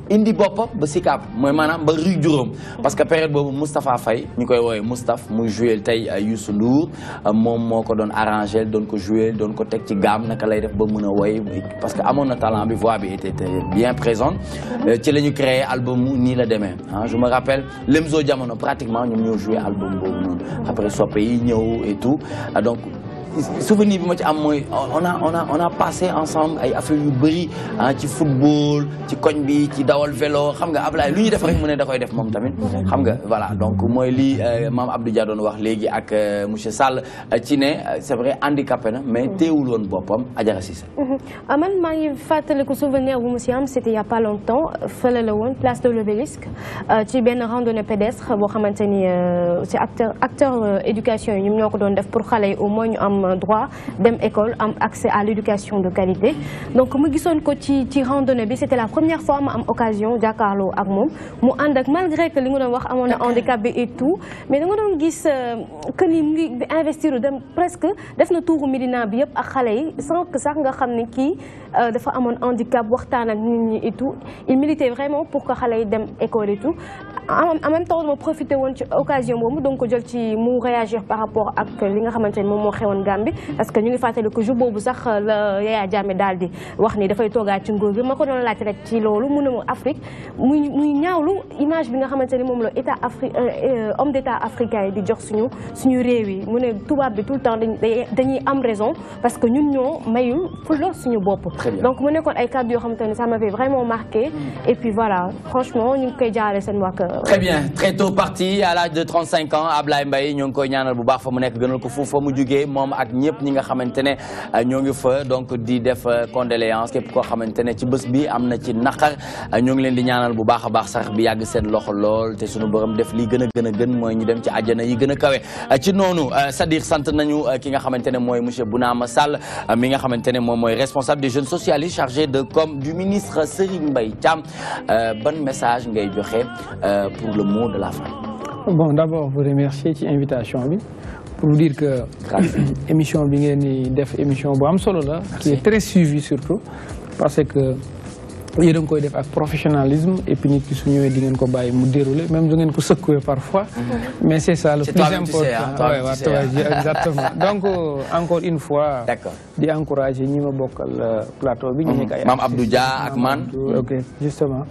indi boppam ba sikap moy manam ba rue juróom parce que période bobu Moustapha Faye ni koy woowee Moustapha muy joué tey Youssou Ndour mom moko don arranger arrangé ko joué don ko tek ci gam naka lay def ba meuna woy parce que amoon talent bi voix bi était bien présente euh, ci lañu créer créé album Ni la Demain. Ah, je me rappelle Lemzo Jamono pratiquement ñoom ñoo joué album bobu après soppe yi ñëw et tout ah, donc souvenir bi ma ci am mooy on a on a on a passé ensemble ay affaire yu bëri ah, ci football ci koñ bi ci dawal vélo xam nga Ablaye lu ñu def rek mu ne da koy def moom tamit xam nga voilà donc mooy li euh, maam Abdou Dia doon wax léegi ak euh, monsieur Sall euh, ci ne c'est vrai handicapé na mais teewul woon boppam Adjara Cissé. Mhm. amal ah, maa ngi fàttaliku souvenir bu monsieur am c'était il y a pas longtemps fële la woon place de l'obélisque ci benn randonnée pédestre boo xamante ni c'est acteur acteur éducation yi ñoom ñoo ko doon def pour xale yi au moins ñu am un droit dem école am accès à l'éducation de qualité donc mu gisoon ko ci ci randonnée bi c'était la première fois am occasion jàkkaarloo ak mom mu malgré que li nga un wax amone handicap et tout mais da nga doon euh, que ni mu ngi investir dem presque def na tuuru Médina bi yep ak xalé yi sans que sax nga xamni ne euh, dafa amone handicap waxtaan ak nit ñi et tout il militait vraiment pour que xalé yi dem école et tout en même temps on profité woon ci occasion donc jël ci réagir par rapport à li nga xamante ne moom Gambie parce que ñu ngi fàttaliku jour bobu sax euh, le Yaya Jammeh daal di wax ni da fay toga ci ngor bi mako ko laacc rek ci lolu mu ne mu Afrique muy muy ñaawlu image bi nga xamanteni mom moom état Afri euh, euh, homme d'état africain di jox suñu suñu réew yi mu ne tubaab bi tout le temps dañuy am raison parce que ñun ñoo mayul fulla suñu bop donc mu ne kon ay kàddu yo xamanteni ne ça m'avait vraiment marqué et puis voilà franchement ñu koy jaaree seen waa très bien très tôt parti à l'âge de 35 ans Ablaye Mbaye ñu koy ñaanal bu baax fa mu nekk gënal ko fofu mu juggé mom ak ñëpp ñi nga xamantene euh, ñoo ngi fa donc di def euh, condoléances képp koo xamantene ci bés bi am na ci naqar euh, ñoo ngi leen di ñaanal bu baax a baax sax bi yàgg seen loxo lool te suñu borom def li gën a gën a gën mooy ñu dem ci àjjana yi gën a kawe ci noonu c'est-à-dire sant nañu ki nga xamantene ne mooy monsieur Bounama Sall mi nga xamantene moom mooy responsable des jeunes socialistes chargé de com du ministre Serigne Mbaye Thiam ban message ngay joxe pour le mot de la fin bon d'abord vous remercier ci invitation bi pour vous dire que l'émission émission qui est très suivie surtout parce que il y a donc koy professionnalisme et puis nous ki a ñëwee di ngeen ko bàyyi mu dérouler même du nous ko parfois mm. mais c'est ça le plus important donc euh, encore une fois d'encourager encourager a ma le euh, plateau bi Abdouja, Akman. Mam ok justement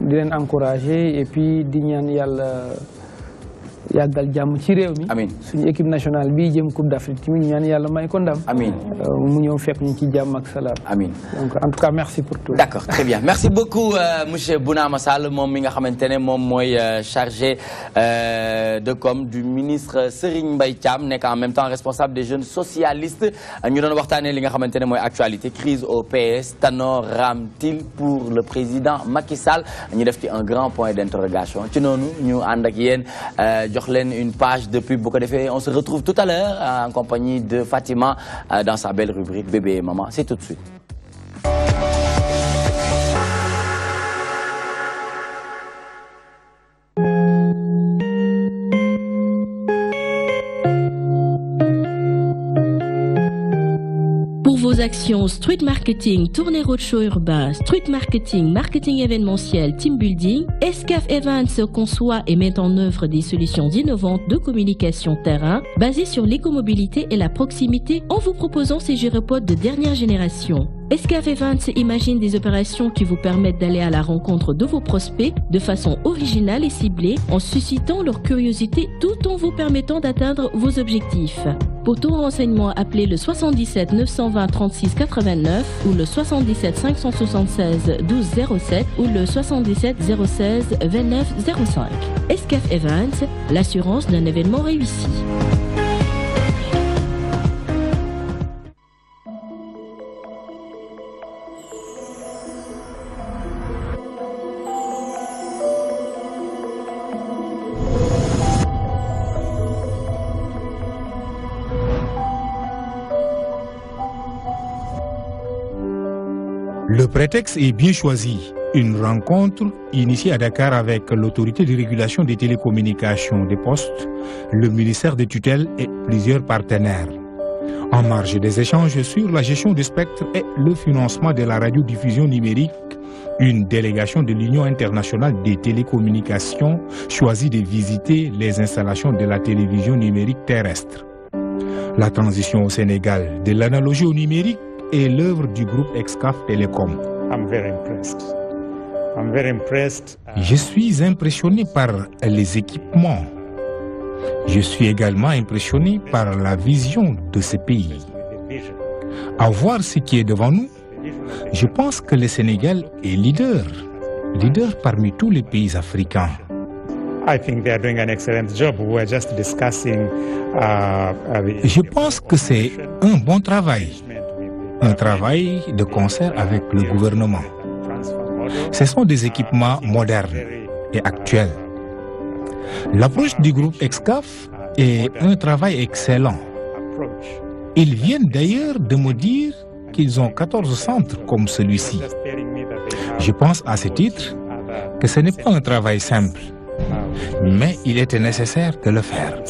di et puis di a le yagal jàmm ci réew mi. suñu équipe nationale bi jëm Coupe d'Afrique. ci tamit ñaan yalla may ko ndam. amiin euh, mu ñëw fekk ñu ci jàmm ak salam donc en tout cas merci pour tout. D'accord, très bien merci beaucoup euh, monsieur Bouna Massal mom mi nga euh, chargé de com du ministre Serigne Mbay Thiam nek en même temps responsable des jeunes socialistes ñu doon waxtane li nga xamantene moy actualité crise au PS panorame t pour le président Macky Sall ñu def ci un grand point d'interrogation. Nous ci nonu ñu and ak euh, une page de pub beaucoup on se retrouve tout à l'heure euh, en compagnie de Fatima euh, dans sa belle rubrique bébé et maman c'est tout de suite actions Street Marketing, Tournée Roadshow Urbain, Street Marketing, Marketing événementiel, Team Building, Escaf Events conçoit et met en œuvre des solutions innovantes de communication terrain basées sur l'écomobilité et la proximité en vous proposant ces gyropodes de dernière génération. Escaf Events imagine des opérations qui vous permettent d'aller à la rencontre de vos prospects de façon originale et ciblée en suscitant leur curiosité tout en vous permettant d'atteindre vos objectifs. Pour tout renseignement, appelez le 77 920 36 89 ou le 77 576 12 07 ou le 77 016 29 05. Escaf Events, l'assurance d'un événement réussi. Le prétexte est bien choisi. Une rencontre initiée à Dakar avec l'autorité de régulation des télécommunications des postes, le ministère des tutelles et plusieurs partenaires. En marge des échanges sur la gestion du spectre et le financement de la radiodiffusion numérique, une délégation de l'Union internationale des télécommunications choisit de visiter les installations de la télévision numérique terrestre. La transition au Sénégal de l'analogie au numérique et l'œuvre du groupe Excaf Telecom. Uh, je suis impressionné par les équipements. Je suis également impressionné par la vision de ce pays. À voir ce qui est devant nous, je pense que le Sénégal est leader, leader parmi tous les pays africains. Je pense que c'est un bon travail un travail de concert avec le gouvernement. Ce sont des équipements modernes et actuels. L'approche du groupe EXCAF est un travail excellent. Ils viennent d'ailleurs de me dire qu'ils ont 14 centres comme celui-ci. Je pense à ce titre que ce n'est pas un travail simple, mais il était nécessaire de le faire.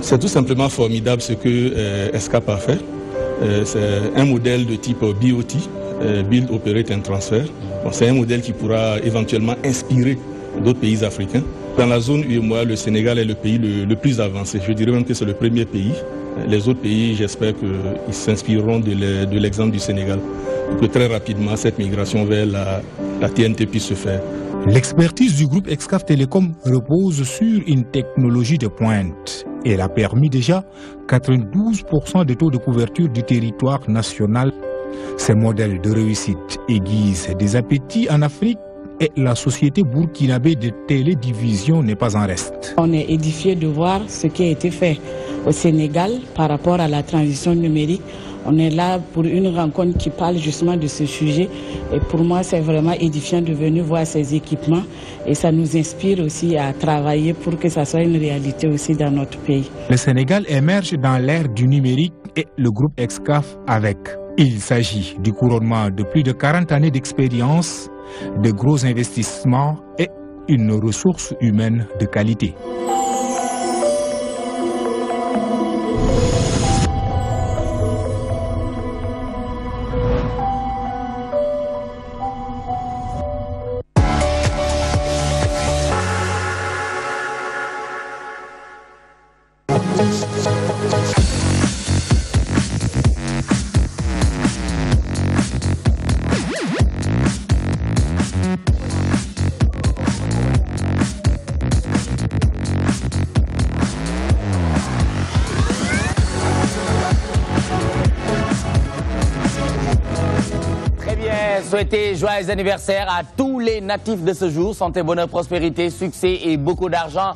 C'est tout simplement formidable ce que euh, ESCAP a fait. Euh, c'est un modèle de type BOT, euh, Build Operate and Transfer. c'est un modèle qui pourra éventuellement inspirer d'autres pays africains. Dans la zone UEMOA, le Sénégal est le pays le, le plus avancé. Je dirais même que c'est le premier pays. Les autres pays, j'espère qu'ils s'inspireront de l'exemple du Sénégal que très rapidement cette migration vers la, TNT puisse se faire. L'expertise du groupe Excav Télécom repose sur une technologie de pointe. Elle a permis déjà 92% des taux de couverture du territoire national. Ces modèles de réussite aiguisent des appétits en Afrique et la société burkinabé de télédivision n'est pas en reste. On est édifié de voir ce qui a été fait au Sénégal par rapport à la transition numérique on est là pour une rencontre qui parle justement de ce sujet. Et pour moi, c'est vraiment édifiant de venir voir ces équipements. Et ça nous inspire aussi à travailler pour que ça soit une réalité aussi dans notre pays. Le Sénégal émerge dans l'ère du numérique et le groupe EXCAF avec. Il s'agit du couronnement de plus de 40 années d'expérience, de gros investissements et une ressource humaine de qualité. souhaiter joyeux anniversaire à tous les natifs de ce jour. Santé, bonheur, prospérité, succès et beaucoup d'argent.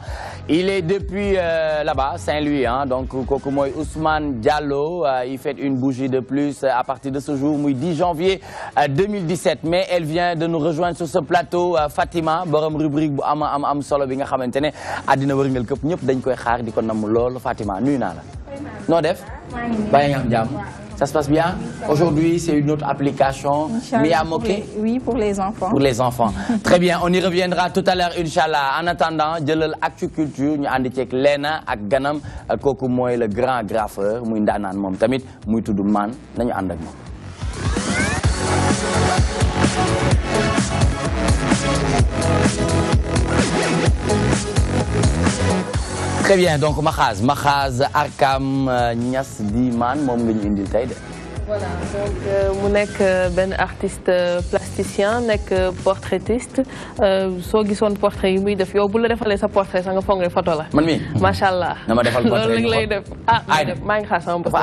Il est depuis euh, là-bas, Saint-Louis, hein, donc Kokomoy Ousmane Diallo. Euh, il fête une bougie de plus à partir de ce jour, 10 janvier 2017. Euh, Mais elle vient de nous rejoindre sur ce plateau. Euh, Fatima, borom rubrique bu am am am solo bi nga xamantene adina àddina ngeul kep ñep dañ koy xaar diko nam lool Fatima nuy na la. no def. bàyyi nga am ça se passe bien Aujourd'hui, c'est une autre application. Oui, pour les enfants. Pour les enfants. Très bien, on y reviendra tout à l'heure, Inch'Allah. En attendant, je agriculture ñu ànd Nous Lena ak ganam kooku mooy le grand graffeur muy ndaanaan moom tamit muy tudd maan nañu ànd ak moom. très bien donc Mahaz, Mahaz, Arkam euh, nyas Diman man, nga ñu voilà donc euh, mu nekk ben artiste euh, plasticien nek portraitiste so gisoon portrait yi muy def yow bu la defale sa portrait sa nga foog ne photo la. man mi. Machallah. allah. na ma defal portrait lay def ah maa ngi xaar sama bopp.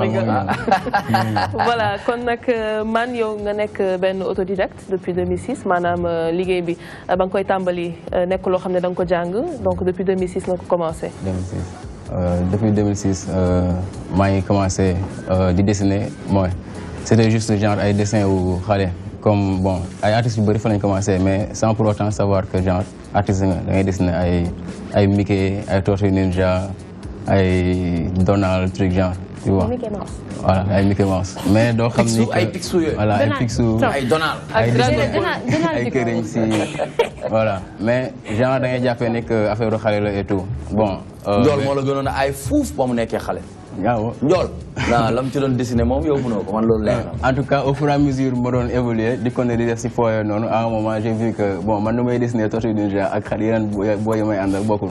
voilà kon nak man yow nga nek ben autodidacte depuis 2006 manam liggéey bi bang koy tambali nek lo xamne dang ko jang, donc depuis 2006 nga ko commencé. 2006. Euh, depuis 2006, euh, j'ai commencé à euh, dessiner. Bon, C'était juste le genre des dessins ou comme bon, les artistes beaucoup ont commencé, mais sans pour autant savoir que genre artistes, dessiner des Mickey, des Tortue Ninja, ay Donald Trigant, tu vois. voilà ay Mickey Mouse. mais doo xam ni ay Picsou voilà ay Pixou. ay Donald. ay ay këriñ si voilà mais genre da ngay jàppee ni que affaire xale la et tout bon. Euh, Njool moo la gënoon ay fouf ba mu nekkee xale. waaw Njool. non la mu ci doon dessiné moom yow mënoo ko man loolu leer na. en tout cas au fur et à mesure ma doon évoluer di ko ne di def si fooyoo noonu à un moment j'ai vu que bon man nu may dessiné tortue ninja ak xale yeneen boo yi may àndal bokkul.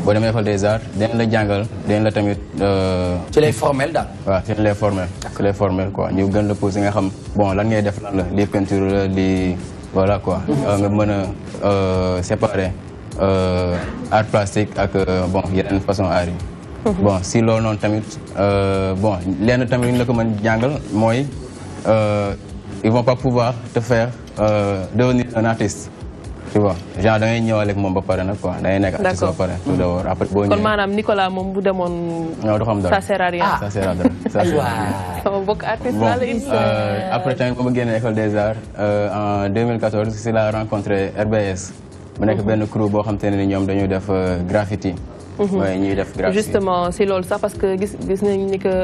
boo demee école des arts des la jàngal dinañ la tamit. ci euh, lay formel daal. waaw ci lay formel. ci lay formel quoi ñu gën la pousse nga xam bon lan ngay def lan la lii peinture la voilà quoi. Euh, nga mën a euh, séparer art plastique ak bon yeneen façon art yi. Mhm. bon si loolu noonu tamit bon lenn tamit li ñu la ko mën jàngal mooy ils vont pas pouvoir te faire devenir un artiste. tu vois genre da ngay ñëwaaleeg moom ba pare nag quoi da ngay nekk artiste ba pare. tout d'abord après kon maanaam Nicolas moom bu demoon. non du xam dara ça sert à rien ah. ça euh, après tamit ba ma génnee des arts euh, en 2014 si la rencontré RBS. mu nekk mhm. benn crew boo xam te ne ni ñoom dañuy def euh, graffiti. Mhm. ñuy def justement c'est l'ol ça parce que gis gis nañu ni que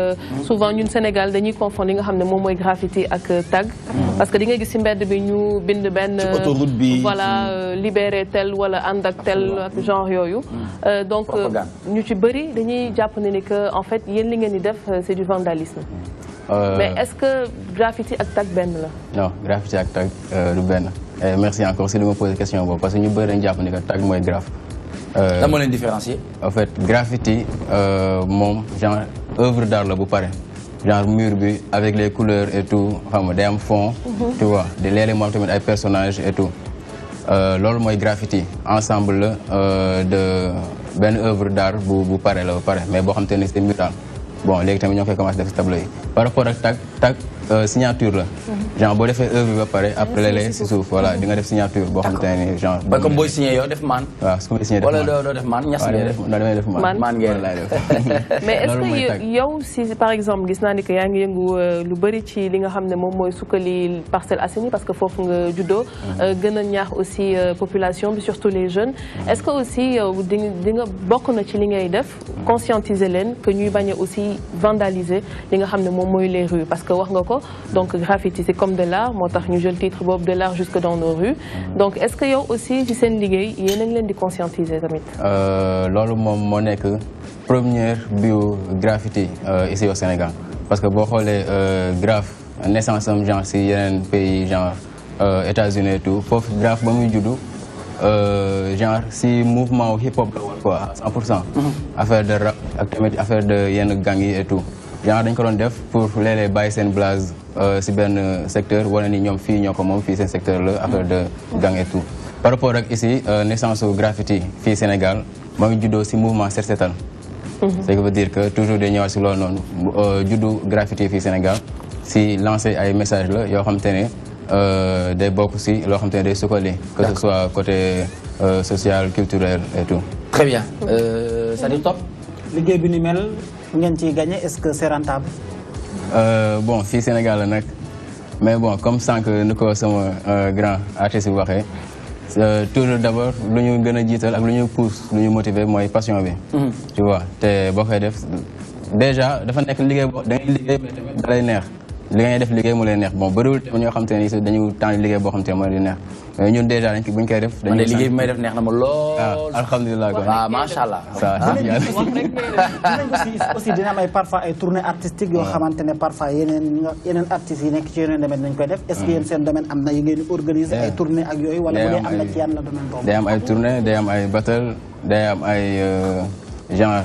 souvent ñun Sénégal dañuy confondre nga xamné mom moy graffiti ak tag. Mhm. parce que di nga gis ci mbedd bi ñu bind ben voilà euh, libérer tel wala andak tel genre yoyu mhm. euh, donc euh, ñu ci bëri dañuy japp ni que en fait yéen li ngeen di def c'est du vandalisme. mais est-ce que graffiti ak tag benn la. non graffiti ak tag du ben. merci encore si de me poser question parce que ñu bëri dañu japp ni que tag moy graff. Euh, lan moo leen différencier. en fait graffiti euh, mon genre œuvre d'art le bu pareil genre mur avec les couleurs et tout enfin des fonds, fond. Mhm. tu vois de éléments, des tamit ay personnages et tout. Euh, loolu moi, graffiti ensemble euh, de ben œuvre d'art bu bu pareil le pareil mais bon xam c'est mural bon les tamit ñoo koy commencé def tableau par rapport à tag tag signature là genre boo defee œuvre bi ba pare après léeg-léeg si voilà di nga def signature boo xam genre. ba comme boy signé yo def man voilà su ma signé def maan wala def man ñas ngay def maan damay def maan maan ngeen laay def. mais est-ce que yow si par exemple gis naa que yaa ngi yëngu euh, lu bari ci li nga xamné mom moy mooy sukkali Parcelles parce que foofu nga juddoo. Mm-hmm. Euh, gën ñaar aussi euh, population bi surtout les jeunes. Mm-hmm. est-ce que aussi di nga bokk na ci li ngay def mm-hmm. conscientiser leen que ñuy bañ aussi vandaliser li nga xamné mom moy les rues parce que wax nga ko donc graffiti c'est comme de l'art moi tax ñu jël titre Bob de l'art jusque dans nos rues donc est-ce que vous aussi ci seen il y a une leen di conscientiser tamit euh, loolu moom moo nekk première biographie euh, ici au Sénégal parce que boo euh, graphes naissance am genre si yeneen pays genre euh, États-Unis et tout foofu graphe bon, muy Euh, genre si mouvement hip hop quoi à 100 mhm. affaire de rap ak tamit affaire de yenn gang et tout genre dañ ko doon def pour les léeg bàyyi seen blase euh, si benn secteur wala ni ñoom fii ñoo ko moom fii secteur là affaire de gang et tout. par rapport ak ici euh, naissance du graffiti au Sénégal moo ngi juddoo si mouvement Set mhm. cest à veut dire que toujours des ñëwaat si loolu noonu euh, du graffiti au Sénégal si lancer ay message la yoo xam des ne day bokk si loo des te ne que ce soit côté social culturel et tout. très bien. ça dit top. liggéey bi ni mel ngeen ci gagné est-ce que c'est rentable. Euh, bon fii Sénégal la nag mais bon comme sànq ni ko sama euh, grand artiste waxee euh, toujours d'abord lu ñu gën a jiital ak lu ñu pousse lu ñu motiver mooy passion bi. Mhm. tu vois te boo koy def déjà dafa nekk liggéey boo da ngay liggéey mais tamit da lay neex. li ngay def liggéey mu leen neex bon bëriwul ñoo xam te ne dañu temps liggéey boo xam te ne moo leen neex ñun dèjà dañ buñ koy def. dañuy liggéey bi may def neex na ma lool. Ah, alhamdulilah quoi waaw ah, allah. waaw aussi dina am ay parfois ay tournée artistique yoo xamante ne parfois yeneen yeneen artistes yi nekk ci yeneen domaine dañ koy def. est que yéen mm. seen domaine am na yu ngeen di organiser ay tournée ak yooyu. wala bu dee am na ci day am ay tournée day am ay ay euh, genre.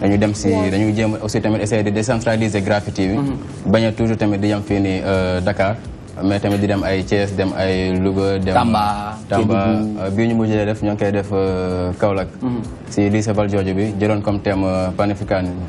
dañu dem si dañu jéem aussi tamit essayer de décentraliser graffiti bi. Mhm. bañ a toujours tamit di yem fii nii euh, Dakar. mais tamit di dem ay Thiès dem ay Louga dem Tamba Tamba euh, bii ñu mujjee def ñoo ngi koy def euh, Kaolack. si mhm. lycée Valdiodio bi jëloon comme thème panafricanisme.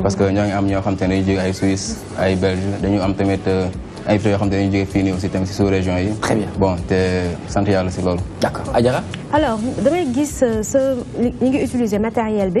parce que nous avons des gens qui sont Suisses, des Belges, nous avons des gens qui sont venus aussi dans sous régions. Très bien. Bon, c'est central, c'est D'accord. Adjara Alors, je vais euh, utiliser ce matériel B.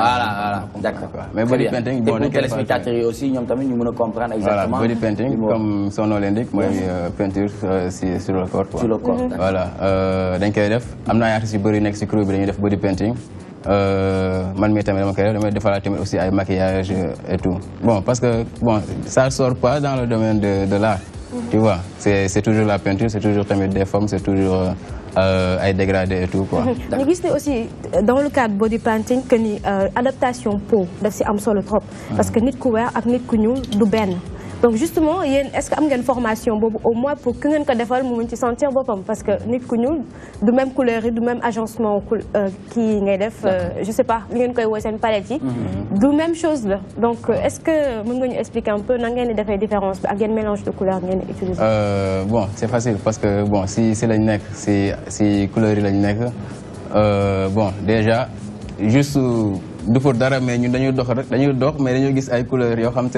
voilà voilà d'accord mais body painting bon téléspectateurs aussi ñoom tamit ñu mën comprendre exactement body painting comme son nom l'indique je peinture euh, sur le corps sur le corps mhm. voilà euh, donc koy def am na ay artistes yu bëri crew bi dañuy def body painting euh, man de tamit aussi ay maquillage et tout bon parce que bon ça sort pas dans le domaine de de l'art mhm. tu vois c'est c'est toujours la peinture c'est toujours des formes c'est toujours euh, ay dégradé et tout quoi. ñu gis né aussi dans le cadre body painting que ni euh, adaptation peau daf ci am solo trop. parce que nit ku weex ak nit ku ñuul du benn donc justement est-ce qu'il y a une formation au moins pour que ngeen ko defal mu ci sentir parce que nous, ku de du même couleur et du même agencement qui euh, ngay def euh, je sais pas li ngeen koy woy palette yi mhm. du même chose donc euh, est-ce que vous pouvez ñu expliquer un peu les ngeen di defee différence ak mélange de couleur ngeen di euh, bon c'est facile parce que bon si c'est lañ nekk si si couleur yi lañ nekk bon déjà juste pour dara mais ñun dañuy dox dañuy dox mais nous gis ay couleurs yoo xam te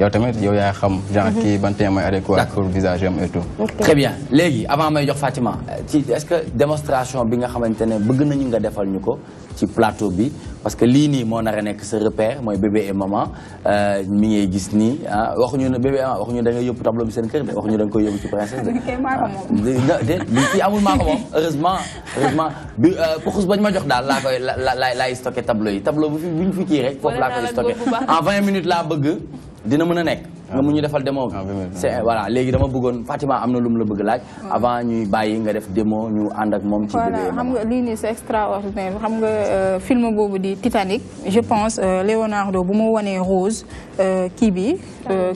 yow tamit yow yaa xam. genre mhm. kii ban thème mooy adéquat. d'accord pour visage am et tout. très bien léegi avant may jox Fatima euh, ci est-ce que démonstration bi nga xamante ne bëgg nañu nga defal ñu ko ci plateau bi parce que lii nii moo nar a nekk sa repère mooy bébé et maman euh, mi ngay gis nii ah ñu ne bébé ah, waxu ñu da ngay yóbbu tableau bi seen kër de ñu da nga koy yóbbu ci princesse de. lii ah, kii amul maa ko moom heureusement heureusement bi euh, puxus ba ñu ma jox daal laa koy la laay stocké tableau yi tableau bu fi bu ñu fi kii rek foofu laa koy stocké en 20 minutes laa bëgg. dina mën a nekk nga ah, mu ñu defal démo ah, c'est voilà légui dama bëggone Fatima amna na la bëgg laaj avant ñuy bayyi nga def démo ñu and ak mom ci voilà xam nga li ni c'est extraordinaire xam nga euh, film bobu di Titanic je pense euh, Leonardo bu mu wanee Rose euh, ki bi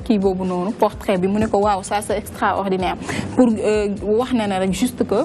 ki bobu nonu portrait bi mu ne ko waaw ça c'est extraordinaire pour wax na na rek juste que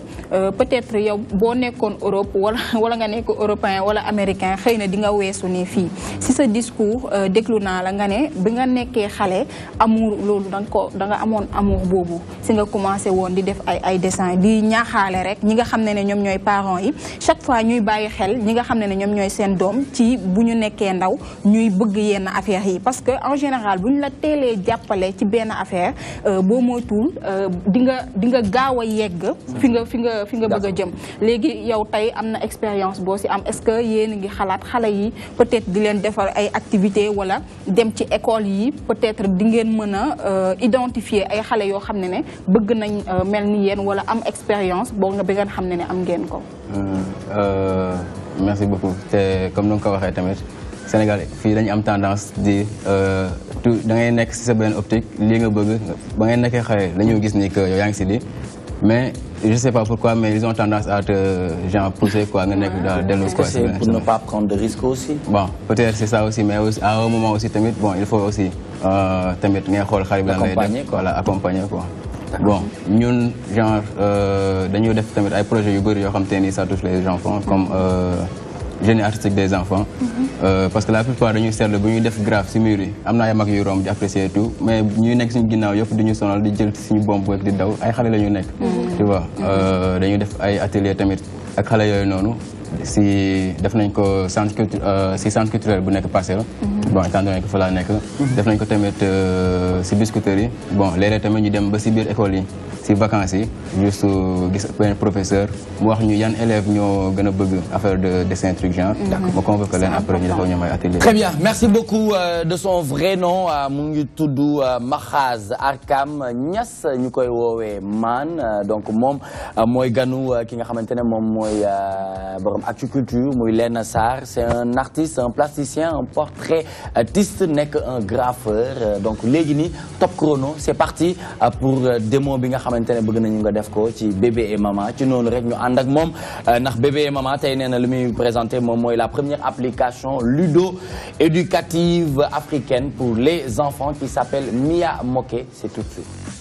peut-être yow bo nekkoon Europe wala wala nga nekk européen wala américain xeyna di nga weesu ni fi si sa discours déglu naa la nga ne bi nga nekkee xalé amour loolu da nga ko da nga amoon amour bobu si nga commencé won di def ay ay dessin di ñaaxaale rek ñi nga xamné né ñom ñoy parents yi chaque fois ñuy bayyi xel ñi nga xamné né ñom ñoy sen seen doom ci buñu nekké ndaw ñuy bëgg yenn affaire yi parce que en général buñ la télé jappalé ci benn affaire euh bo boo moytuwul euh, di nga di nga gaaw yegg fi nga fi nga fi nga bëgg jëm légui yow tay amna expérience bo si am est-ce que yeen ngi xalat xalé yi peut-être di leen defar ay activités wala dem ci école yi peut-être di ngeen mën a euh, identifier ay xalé yo xamné né bëgg nañ euh, melni yeen wala am expérience bo nga bëgg ngeen xam ne am ngeen ko. Euh, merci beaucoup té comme ni nga ko waxee tamit sénégalais fi dañu am tendance di euh da ngay nekk si sa beneen optique li nga bëgg ba ngay nekkee xalé dañu gis ni que yow yaa ngi si lii mais je ne sais pas pourquoi, mais ils ont tendance à te genre, pousser quoi, dans Est-ce que c'est pour ne pas prendre de risques aussi Bon, peut-être c'est ça aussi, mais à un moment aussi, bon, il faut aussi euh, accompagner, quoi. Voilà, accompagner quoi. Bon, nous, genre, euh, nous avons des projets qui touchent les enfants, comme euh, génie artistique des enfants. Mhm. euh, parce que la plupart dañuy seetlu bu ñuy def graphe si mur yi am na ay mag yu romb di apprécier tout mais ñuy nekk suñu ginnaaw yëpp di ñu sonal di jël suñu bomb rek di daw ay xale la ñu nekk. Mhm. tu vois mhm. euh, dañuy def ay atelier tamit ak xale yooyu noonu si def nañ ko centre culturel euh, si centre culturel bu nekk passé la. Mhm. bon étant donné que Fala laa nekk. Mhm. def nañ ko tamit euh, si biscuiterie bon léeg-léeg tamit ñu dem ba si biir école yi si vacances yi juste gis un professeur mu wax ñu yan élève ñoo gën a bëgg affaire de dessin truc genre. Mhm. d'accord ma que leen après ñu defoo ñoom ay atelier. très bien merci beaucoup euh, de son vrai nom mu ngi tudd Makhaz Arkam Niass ñu koy Man. maan donc moom mooy Ganou, ki nga xamante ne moom mooy borom plateforme culture Moïlène Sarr un artiste un plasticien un portraitiste n'est un graffeur donc Légini, top chrono C'est parti euh, pour euh, démon bi nga xamantene ne nañu nga def ko ci bébé et maman ci nous rek ñu and ak mom euh, bébé et maman tay néna na li présenter présenté la première application ludo éducative africaine pour les enfants qui s'appelle Mia Moke c'est tout de suite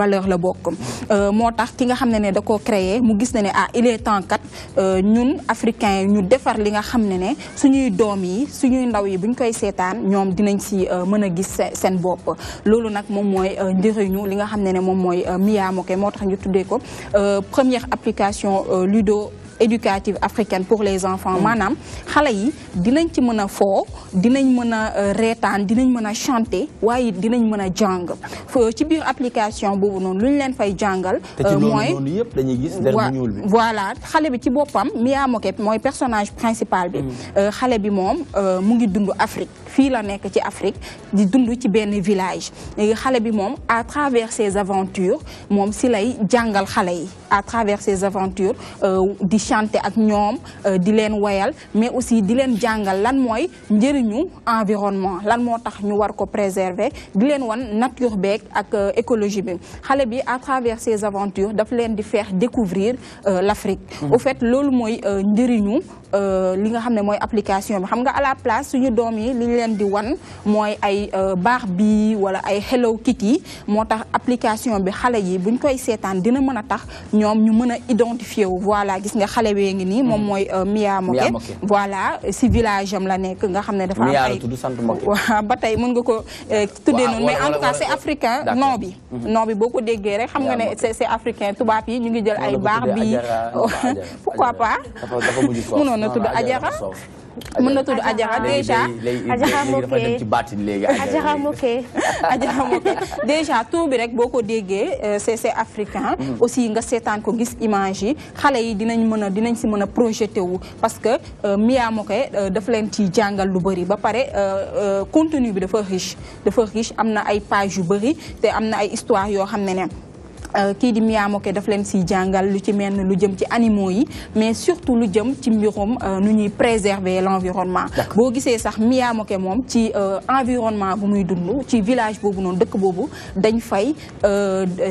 valeur la bokk euh, moo tax ki nga xamné né da créer mu gis ah il est temps kat euh, ñun africains ñu defar li nga xamné né suñuy doom yi suñuy ndaw yi buñ koy seetaan ñom dinañ si euh, mëna gis li nga xamné né mom moy Mia Moké ñu tuddé ko première application Ludo éducative africaine pour les enfants Manam, xale yi dinañ ci mën a foo dinañ mën a euh, reetaan dinañ mën chanter waaye dinañ mën a jàng ci biir application bobu non lu len fay jàngal euh, moy voilà xalé bi ci bopam Mia Moket moy personnage principal bi mm. euh, xalé bi mom mu ngi dund Afrique fii Afrique di village à travers ses aventures mom silay à travers ses aventures euh, di chanter ak euh, di len wayal mais aussi di len jangal lan environnement lan tax ñu war ko préserver di nature euh, écologie à travers ses aventures daf len faire découvrir l'Afrique hmm. au fait li nga application à la place suñu leen di wan mooy ay euh, Barbie wala ay Hello Kitty moo tax application bi xale yi buñ koy seetaan dina mën a tax ñoom ñu mën a identifier wu voilà gis nga xale wee ngi nii moom mm. mooy euh, Mia Moké voilà si village am la nekk nga xam ne dafa am ay waaw ba tey mën nga ko euh, tuddee noonu mais en tout africain nom bi mm-hmm. nom bi boo ko déggee rek xam nga ne c'est africain tubaab yi ñu ngi jël ay Barbie pourquoi pas mënoon na tudd Ajara mën na tudd Adjara déjà Adjara Moké léegi Adjara Moké Adjara Moké déjà tur tuh rek boko ko déggee c'est c'est africain aussi nga seetaan ko gis image yi xale yi dinañ mën a dinañ si mën a projeté wu parce que eh, Mia Moké eh, dafa leen ci jàngal lu ba pare contenu eh, bi dafa riche dafa riche amna ay page yu te amna na ay histoire yoo Qui euh, di Miyaamoke daf leen siy jàngal lu ci mel lu jëm ci animaux yi mais surtout lu jëm ci mbirum euh, nu ñuy préserver l'environnement boo gisee sax Miyaamoke mon ci euh, environnement bu muy dund ci village vous noonu dëkk boobu dañ fay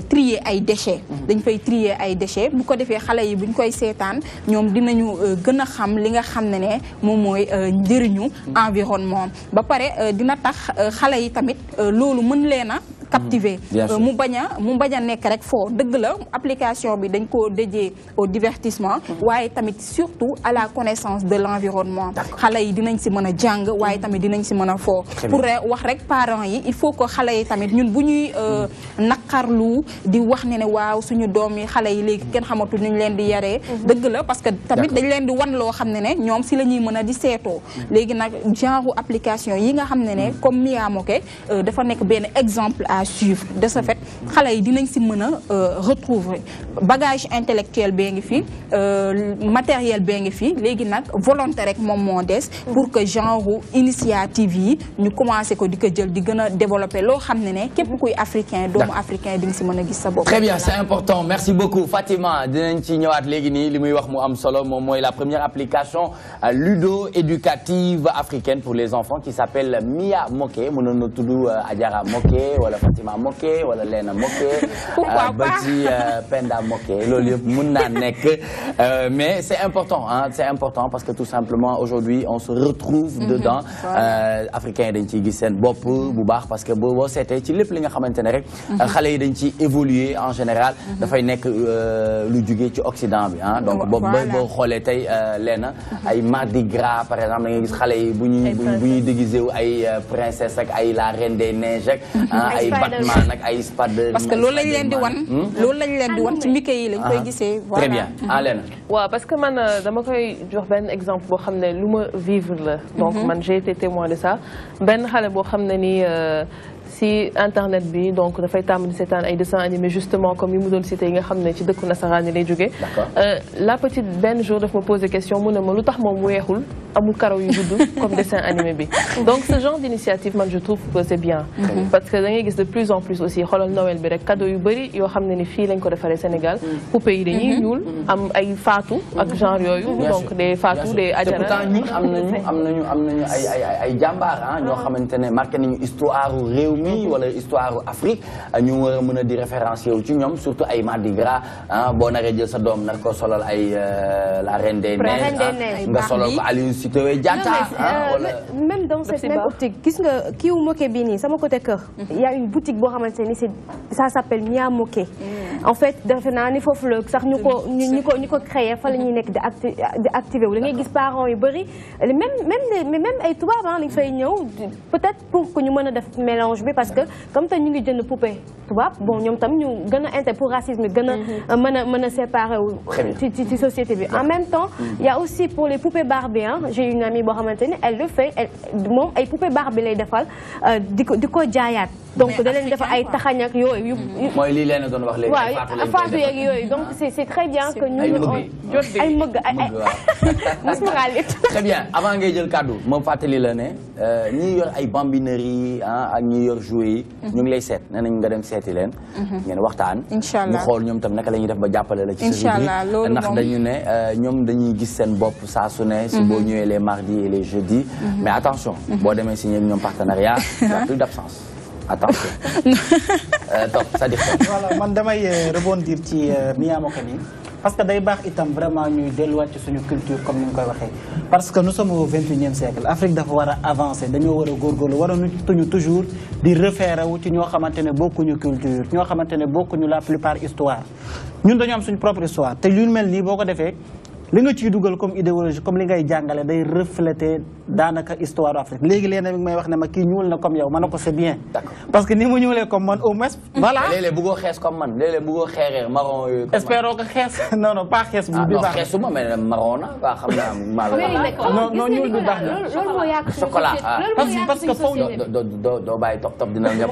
trier ay déchets mhm. dañ fay trier ay déchets bu ko faire xale yi buñ koy seetaan ñoom dinañu gën a xam li nga xam ne ne moom mooy mhm. environnement ba pare dina tax xale yi tamit loolu mën leen captiver mu bañ mon mu bañ a fort. rek foo la application bi dañ koo déjee au divertissement mm-hmm. waaye tamit surtout à la connaissance de l'environnement xale yi dinañ si mën jang, jàng tamit dinañ si mën a pour wax rek parents yi il faut que xale tamit ñun bu euh, mm-hmm. nakarlu di wax ne ne waaw suñu doom yi xale yi léegi kenn xamatu ñu leen di mm-hmm. la parce que tamit de leen di wan lo xam ne ne si la ñuy mën a di seetoo léegi nag genre application yi nga xam ne comme miam ok. Euh, dafa nek ben exemple à suivre de ce fait xale yi dinañ si mën euh, retrouver bagage intellectuel bee fi euh, matériel bee ngi fi pour que genre initiative nous ñu à ko di ko jël développer lo xamné né képp kuy africain doomu africain di ci si gis sa très bien c'est important merci beaucoup Fatima dinañ ci ñëwaat légui ni limuy wax mu am solo la première application euh, ludo-éducative africaine pour les enfants qui s'appelle Mia Moké mënoon na tudd Adjara Moké wala Fatima moqué wala Leena moqué. pourquoi Penda moqué loolu muna Nek. Euh, mais c'est important hein, c'est important parce que tout simplement aujourd'hui on se retrouve mhm. dedans euh, africains yi dañ ciy gis parce que boo boo seetee ci lépp li nga xamante rek. Mhm. Euh, évoluer en général. Mhm. de faire lu jugee ci Occident bi hein. donc boobu boo xoolee tey Leena ay Mardi Gras par exemple les gens qui xale yi bu ñuy déguisé wu ay princesse ak la reine des neiges les hein, parce que loolu lañ hmm? di wan. lañ di ah. très bien hmm. Alena. parce que man euh, dama koy exemple ne vivre donc hmm. man j'ai été témoin de ça euh, si internet bi donc da fay tam di seetaan ay dessins animés justement comme yi mu doon cité nga xamné ci dëkku nasaraan yi lay jógee. Euh, la petite benn jour daf ma posé question mu ne ma lu tax moom amul karaw yu dudd comme dessin animé bi donc ce genre d'initiative man je trouve que c'est bien. parce que da ngay gis de plus en plus aussi xoolal Noël bi rek cadeau yu bëri yo xamné ni fi lañ ko defaree Sénégal. Mm. poupées yi dañi mm-hmm. ñuul mm-hmm. am ay fatou mm-hmm. ak genre yoyu donc des fatou des ajara. pourtant ñun am nañu am nañu am nañu ay ay ay jambar ah ñoo xamante ne marqué nañu histoire réew mi bi wala histoire Afrique ah, ñu war a di référencier ci ñom surtout ay Mardi Gras ah boo naree jël sa doom nar ko solal ay euh, la reine des ah, neiges nga solal ko Aline Sitoé Diatta euh, ah, wala même dans cette même optique gis nga ki wu moqué bi ni sama côté il y a une boutique bo xamanteni c'est ça s'appelle Mia Moqué mm. en fait defe naa ni fofu le sax ñuko ko ñu créer fa lañuy nek di acti di activé wu ngay gis parents yu bëri même même même ay ba lañ fay ñëw peut-être pour que ñu mën def mélange bi parce que comme tey ñu ngi jënd poupée tubaab bon nous tam ñu gën a inter pour racisme gën mhm. euh, a mën a mën séparer ci ci société bi en même temps il mhm. y a aussi pour les poupées Barbie j'ai une amie boo elle le fait Elle, ay poupée Barbie lay defal euh, di ko Jayat. donc da leen defal ay taxañ Yoy. yooyu mhm. mooy lii leen doon wax léegi faatu yeeg donc ah. c'est très bien que ñu jot ay mëgg ay musmuralit très bien avant ngay jël cadeau. moom fàttali la ne euh, ñi yor ay bambinerie ah, ak ñi yor joué yi mhm. ñu ngi lay seet nee nañ nga dem seeti leen mhm. ngeen waxtaan ñu xool ñoom tam naka la ñuy def ba jàppale la ci sa liggéey ndax dañu ne euh, ñoom dañuy gis seen bopp saa su ne si boo mhm. ñëwee les mardis et les jeudis mais attention boo demee si ñoom partenariat il n'y a plus euh, man damay euh, rebondir ci Mia Mokami parce que day ils itam vraiment ñuy delluwaat sur suñu culture comme nous nga parce que nous sommes au XXIe siècle l'Afrique doit avoir avancé, avancer nous avons toujours di à wu ci avons beaucoup de culture Nous maintenir beaucoup de la plupart histoire Nous dañoo am suñu propre histoire Et l'une mel nii boo ko li nga ciy comme idéologie comme li ngay jàngale day refléter histoire africaine. Afrique léegi ngi wax comme yow ma ne bien. parce que ni nous sommes comme man au moins. voilà léeg-léeg Nous comme man léeg-léeg marron espérons que xees non non pas xees. ah non mais marron na xam naa non non chocolat parce que top top dina xam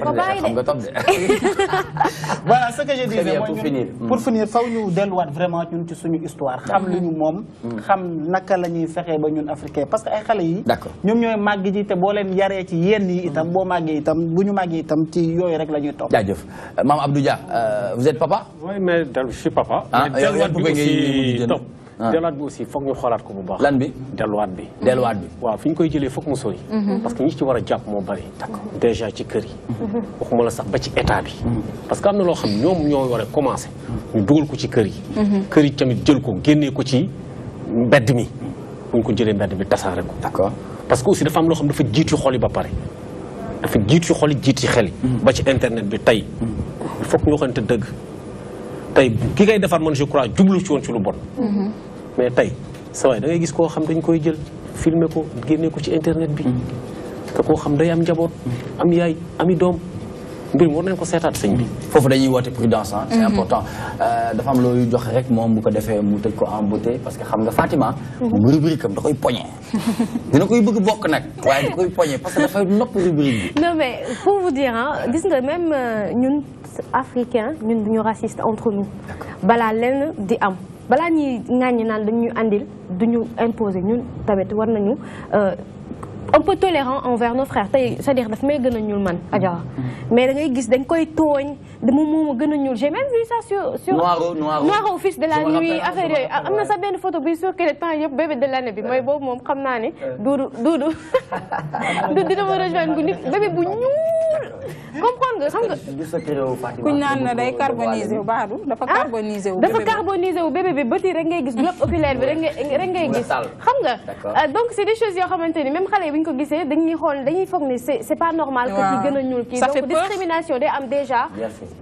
nga top voilà ce que je disais pour hmm. finir faw ñu delluwaat vraiment ñun ci suñu histoire xam moom mm. xam naka la ñuy fexee ba ñun africain parce que ay xale yi ñoom ñooy màgg te boo yaree ci yenn itam mm. boo màggee itam bu ñu itam ci yooyu rek la topp jaajëf Mame euh, vous êtes papa mais euh, je suis papa ah, mais delluwaat ah. bi aussi foog ñu xoolaat ko bu baax. lan bi delluwaat bi. delluwaat bi waaw fi ñu koy jëlee foog mu sori. Mhm. parce que ñi ci war a jàpp moo bari. déjà ci kër yi. Mhm. waxuma la sax ba ci état bi. Mhm. parce que am na loo xam ñoom ñoo war a commencer. ñu dugal ko ci kër yi. kër yi tamit jël ko génnee ko ci mbedd mi. bu ñu ko jëlee mbedd bi tasaare ko. d'accord parce que aussi dafa am loo xam dafa jiitu xol yi ba pare. dafa jiitu xol yi jiitu xel ba ci internet bi tey. il faut que ñu waxante Tay, ki koy defar man je crois jublu ci woon ci lu bon. Mhm. mais tey sa waay da ngay gis koo xam dañ koy jël filmer ko génne ko ci internet bi. Mhm. te koo xam day am njaboot. Mhm. am yaay ami doom. mbir mi nañ ko seetaat sëñ bi. foofu dañuy woote prudence ah. c'est important euh, dafa am looy joxe rek moom bu ko defee mu tëj ko en beauté parce que xam nga Fatima. moom rubrique am da koy poñe. dina koy bëgg bokk nag waaye da koy poñe parce que dafay nopp rubrique bi. non mais pour vous dire ah gis nga même euh, ñun. africain ñun du raciste entre nous Bala lenn di am Bala ñuy ŋàññi naan dañuy andil du imposer ñun tamit war nañu euh, un peu tolérant envers nos frères c'est-à-dire daf may gën a ñuul man mais da ngay gis dañ koy tooñ dama moom a gën j'ai même vu ça sur sur Noir, noir. Noir au fils de la nuit affaire yooyu am na sa benn photo bi sur que le temps yëpp bébé de l'année bi mooy boobu moom xam naa ne duudu duudu du dina rejoindre bébé bu ñuul comprendre nga xam nga kuñ naan na day carbonisé wu baadu dafa ah, carbonisé wu dafa carbonisé wu bébé bi bëti rek ngay gis bloc oculaire bi rek ngay gis xam nga euh, donc c'est des choses yoo xamante même xale yi ko gisee dañuy xool dañuy foog c'est c'est pas normal. que ki gën a Ça fait peur. discrimination day am déjà.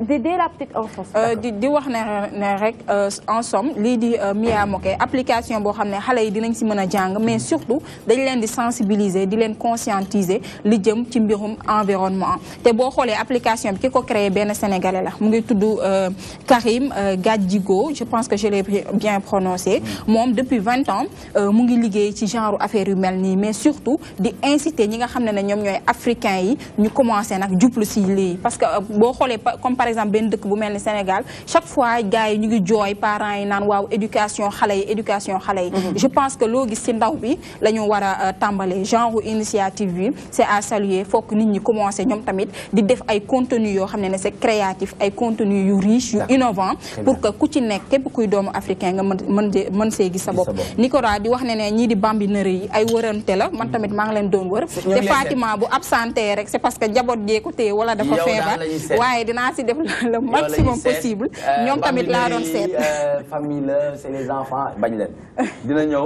dès la petite enfance. Euh, di di wax ne rek euh, en somme lii di euh, Mia Moké application boo xam ne xale yi dinañ mais surtout dañ les di sensibiliser di les conscientiser li jëm ci mbirum environnement te boo xoolee application bi ki ko créé benn sénégalais la mu ngi tudd Karim Gadjigo je pense que je l'ai bien prononcé mm. moom depuis vingt ans mu ngi liggéey ci genre affaire yu mel mais surtout di di inciter ñi nga xamné né ñom ñoy ñooy africain yi ñu commencé nak jublu ci li parce que euh, bo xolé comme par exemple ben dëkk bu melni Sénégal chaque fois gars yi ñu ngi joy parents yi naan waaw éducation xalé yi éducation xalé yi mm-hmm. je pense que lo gis ci ndaw bi lañu wara euh, tambalé genre initiative bi c'est à saluer foog nit ñi commencé ñom tamit di def ay contenu yo xamné ne c'est créatif ay contenu yu riche yu innovant pour que ku ci nekk képp kuy doomu africain nga mën mën mën see gis sa bopp Nicolas di wax né ne ñii di bambineri yi ay wërante la man tamit maa leen doon wër te Fatima bu absenté rek c'est parce que jaboot jeeku tee wala dafa feebar waaye dinaa si def le maximum possible euh, ñoom tamit laa doon seet euh, famille la c'est les enfants bañ dina ñëw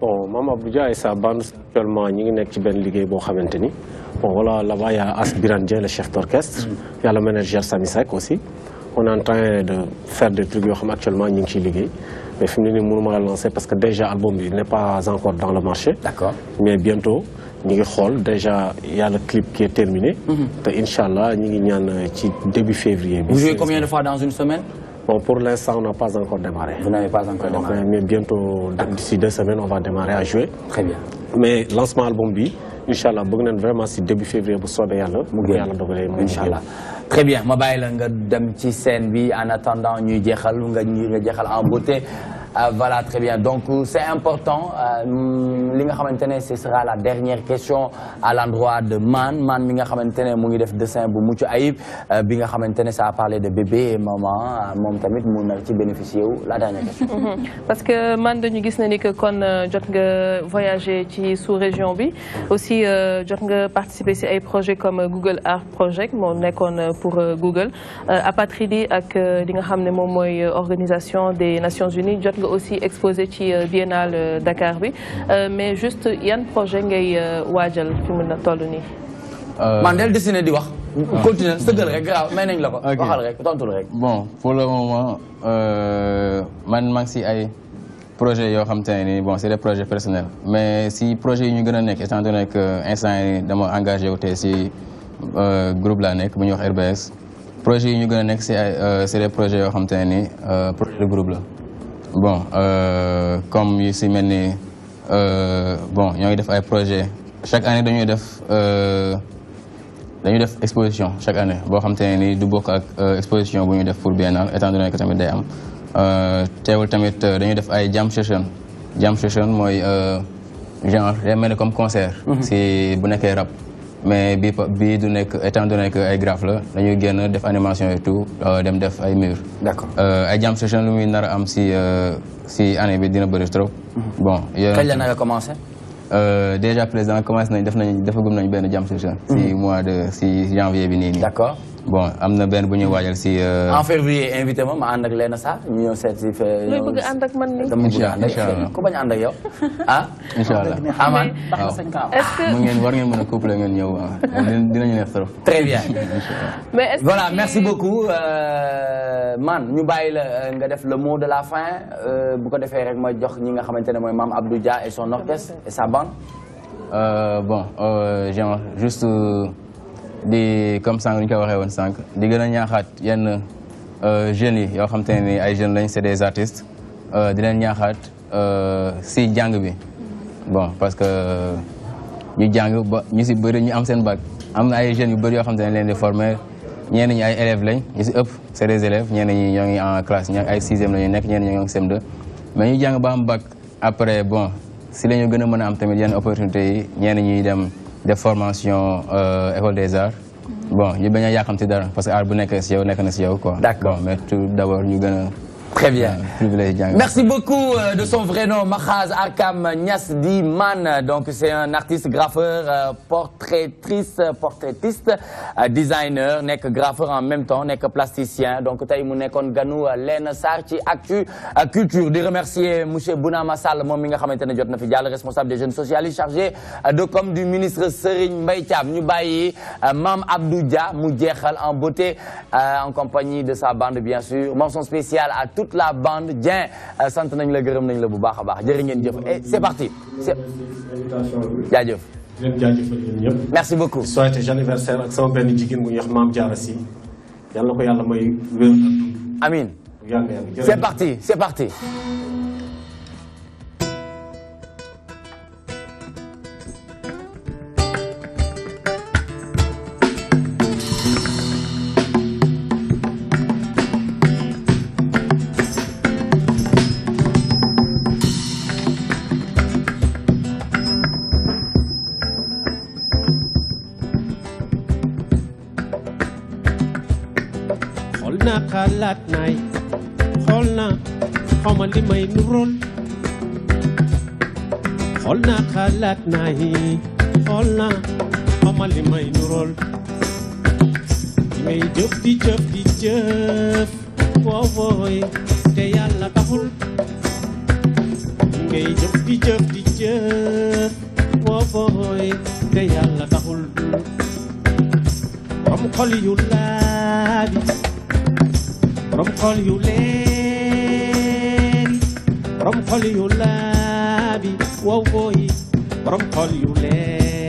bon maman bouja et sa bande actuellement ñi ngi nekk ci benn bon voilà là-bas il y a le chef d'orchestre Il y a le manager Sami aussi on est en train de faire des trucs actuellement ñi ngi ciy mais finalement, ne lancer parce que déjà l'album n'est pas encore dans le marché d'accord mais bientôt ñi ngi déjà déjà y a le clip qui est terminé Inch'Allah, mm-hmm. incha ñi début février vous jouez combien de fois dans une semaine Bon, pour l'instant, on n'a pas encore démarré. Vous n'avez pas encore démarré Mais bientôt, d'ici deux semaines, on va démarrer à jouer. Très bien. Mais lancement album B, Inch'Allah, vous vraiment si début février vous soyez à l'heure. Inch'Allah. très bien ma vais vous nga dem scène en attendant ñuy jeexal nga ñuy en beauté. Ah, voilà, très bien. Donc, euh, c'est important. Euh, mm, li nga ce sera la dernière question à l'endroit de Man. Man mi nga que ne mu ngi dessin bu mucc ayib euh, bi nga xamante ça a parlé de bébé et maman moom tamit mu nar ci la dernière question. Mhm. parce que Man dañu nous na ni que quand jot nga voyager ci sous-région bi aussi jot nga participer des projets comme Google Art Project moom nekkoon pour Google Apatridi ak li nga organisation des Nations Unies jot aussi exposé ci euh, biennale euh, Dakar euh, mais juste yan projet ngay waajal fi mu na toll nii. man del dessiné di wax. continue sëgal rek waaw may nañ la waxal rek rek. bon pour le moment man maxi ngi ay projet yo xam bon c'est des projets personnels mais si projet ñu gëna nek étant donné que instant dama engagé au ci euh, groupe la nek bu wax RBS projet ñu gëna nek c'est euh, des projets yo xam te ne nii projet de groupe là bon euh, comme il s'est mené ni euh, bon il y a des projets chaque année dañuy def euh, dañuy def exposition chaque année bon xam te ne nii du bokk ak exposition bu ñuy def pour biennale étant donné que tamit day am teewul tamit dañuy def ay jam session jam session euh, genre day mené comme concert mhm. si bu nekkee rap mais bii bii du nekk étant donné que ay graphe la dañuy génn def animation et tout euh, dem def ay murs. d'accord euh, ay jam session lu muy nar a am si euh, si année bi dina bëri trop. Mhm. bon yooyu kañ la nar a commencé. déjà président commencé nañ def nañ defagum nañ benn jam session. si mhm. mois de si janvier bi nii d'accord. bon amna ben benn bu ñuy waajal si. Euh, en février invité ma ma ànd ak Léna Sarr ñu ñëw seet si. looy bëgg ànd ak man nii incha allah incha allah ku bañ ànd ak yow ah. incha allah amaan waaw est-ce que. mu ngeen war ngeen mën a couple ngeen ñëw dinañu neex trop. très bien mais voilà merci beaucoup euh, man ñu bàyyi la euh, nga def le mot de la fin bu ko defee rek ma jox ñi nga xamante ne mooy Abdou Dia et son orchestre et sa bande. bon j'aimerais juste. di comme sang ni ko waxee won sank di gëna ñaaxat yenn euh jeunes yi yoo xam te ne ay jeunes lañ c'est des artistes euh di leen euh si jang bi bon parce que euh, ñu jang ba ñu si bëri ñu am sen bac am na ay jeunes yu bëri yo xam te leen di former ñenn ñi ay élèves lañ ñu si ëpp c'est des élèves ñenn ñi ñoo ngi en classe ñoo ay sixième la ñu nekk ñenn ñoo ngi sem 2 mais ñu jang ba am bac après bon si lañu gëna mëna am tamit yenn opportunité yi ñenn ñi dem. Des formation euh, école des arts. Mm-hmm. bon je vais a y parce que art bu pas si quoi. d'accord mais tout d'abord nous allons... Très bien. Euh, Merci beaucoup euh, de son vrai nom, Mahaz Arkam Niasdi Man. Donc, c'est un artiste graffeur, euh, portraitiste, designer, n'est que graffeur en même temps, n'est que plasticien. Donc, taïmou n'est Ganou, len sarchi, actu culture De remercier monsieur Bouna Sall mom responsable des jeunes socialistes chargé de comme du ministre Serigne Mbaye Thiam Mam Abdou en beauté en compagnie de sa bande bien sûr. Mention spéciale à tout toute la bande Dieng euh, sant nañ la gërëm nañ la bu baax baax jëri ngeen jëf et eh, c'est parti jaajëf leen merci beaucoup souhaité anniversaire ak sama benn jigéen bu ñuy mam Maam Jaara Si ko yalla may amin c'est parti c'est parti الرول xolna xalaat naa yi xool na mama li may nu rol li may jëf di jëf di jëf woowooy te yàlla taxul li ngay jëf di jëf di jëf woowooy te yàlla taxul borom xol yu laabi borom xol yu lee Broccoli ulabi, wow boy, broccoli ulabi.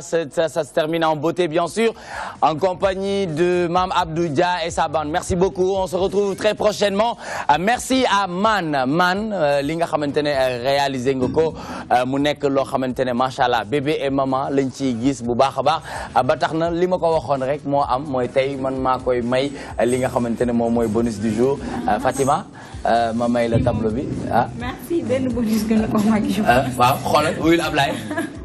ça, ça, se termine en beauté, bien sûr, en compagnie de Mam Abdoudia et sa bande. Merci beaucoup. On se retrouve très prochainement. Euh, merci à Man. Man, euh, li nga xamante euh, réalisé Ngoko, ko mu nekk loo bébé et maman lañ ciy gis bu baax a ba tax li am moi tei man ma koi may li nga xamante moi bonus du jour Fatima maman et la tableau bi ah. merci benn bonus gën a ko mag. waaw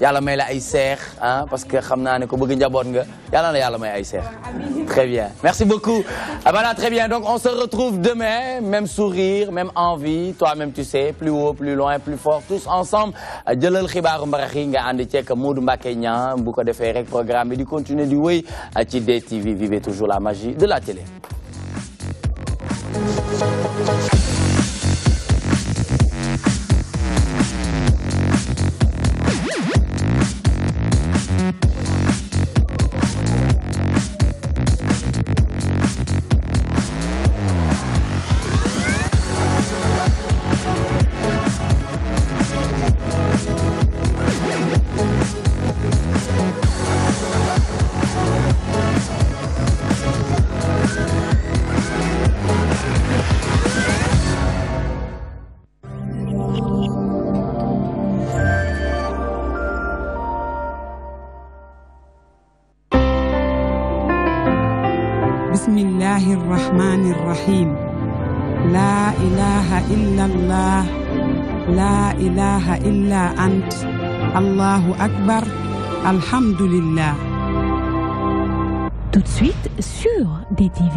yalla may la ay seex hein parce que xamna ne ko bëgg njaboot nga yalla na yalla may ay seex très bien merci beaucoup ah, voilà très bien donc on se retrouve demain même sourire même envie toi-même tu sais plus haut plus loin plus fort tous ensemble ah, jëlal xibaaru mbarax yi nga ànd ceeg Modou Mbacké Niang bu ko defee rek programme di continuer di wéy ci DTV vivez toujours la magie de la télé Allahu Akbar, Alhamdulillah. Tout de suite sur DTV.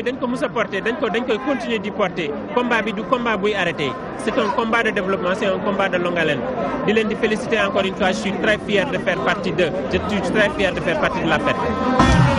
bi dañ ko mës a porté dañ ko dañ koy continuer di combat bi du combat buy arrêté C'est un combat de développement c'est un combat de longue haleine di leen encore une fois je suis très fier de faire partie de je suis très fier de faire partie de la fête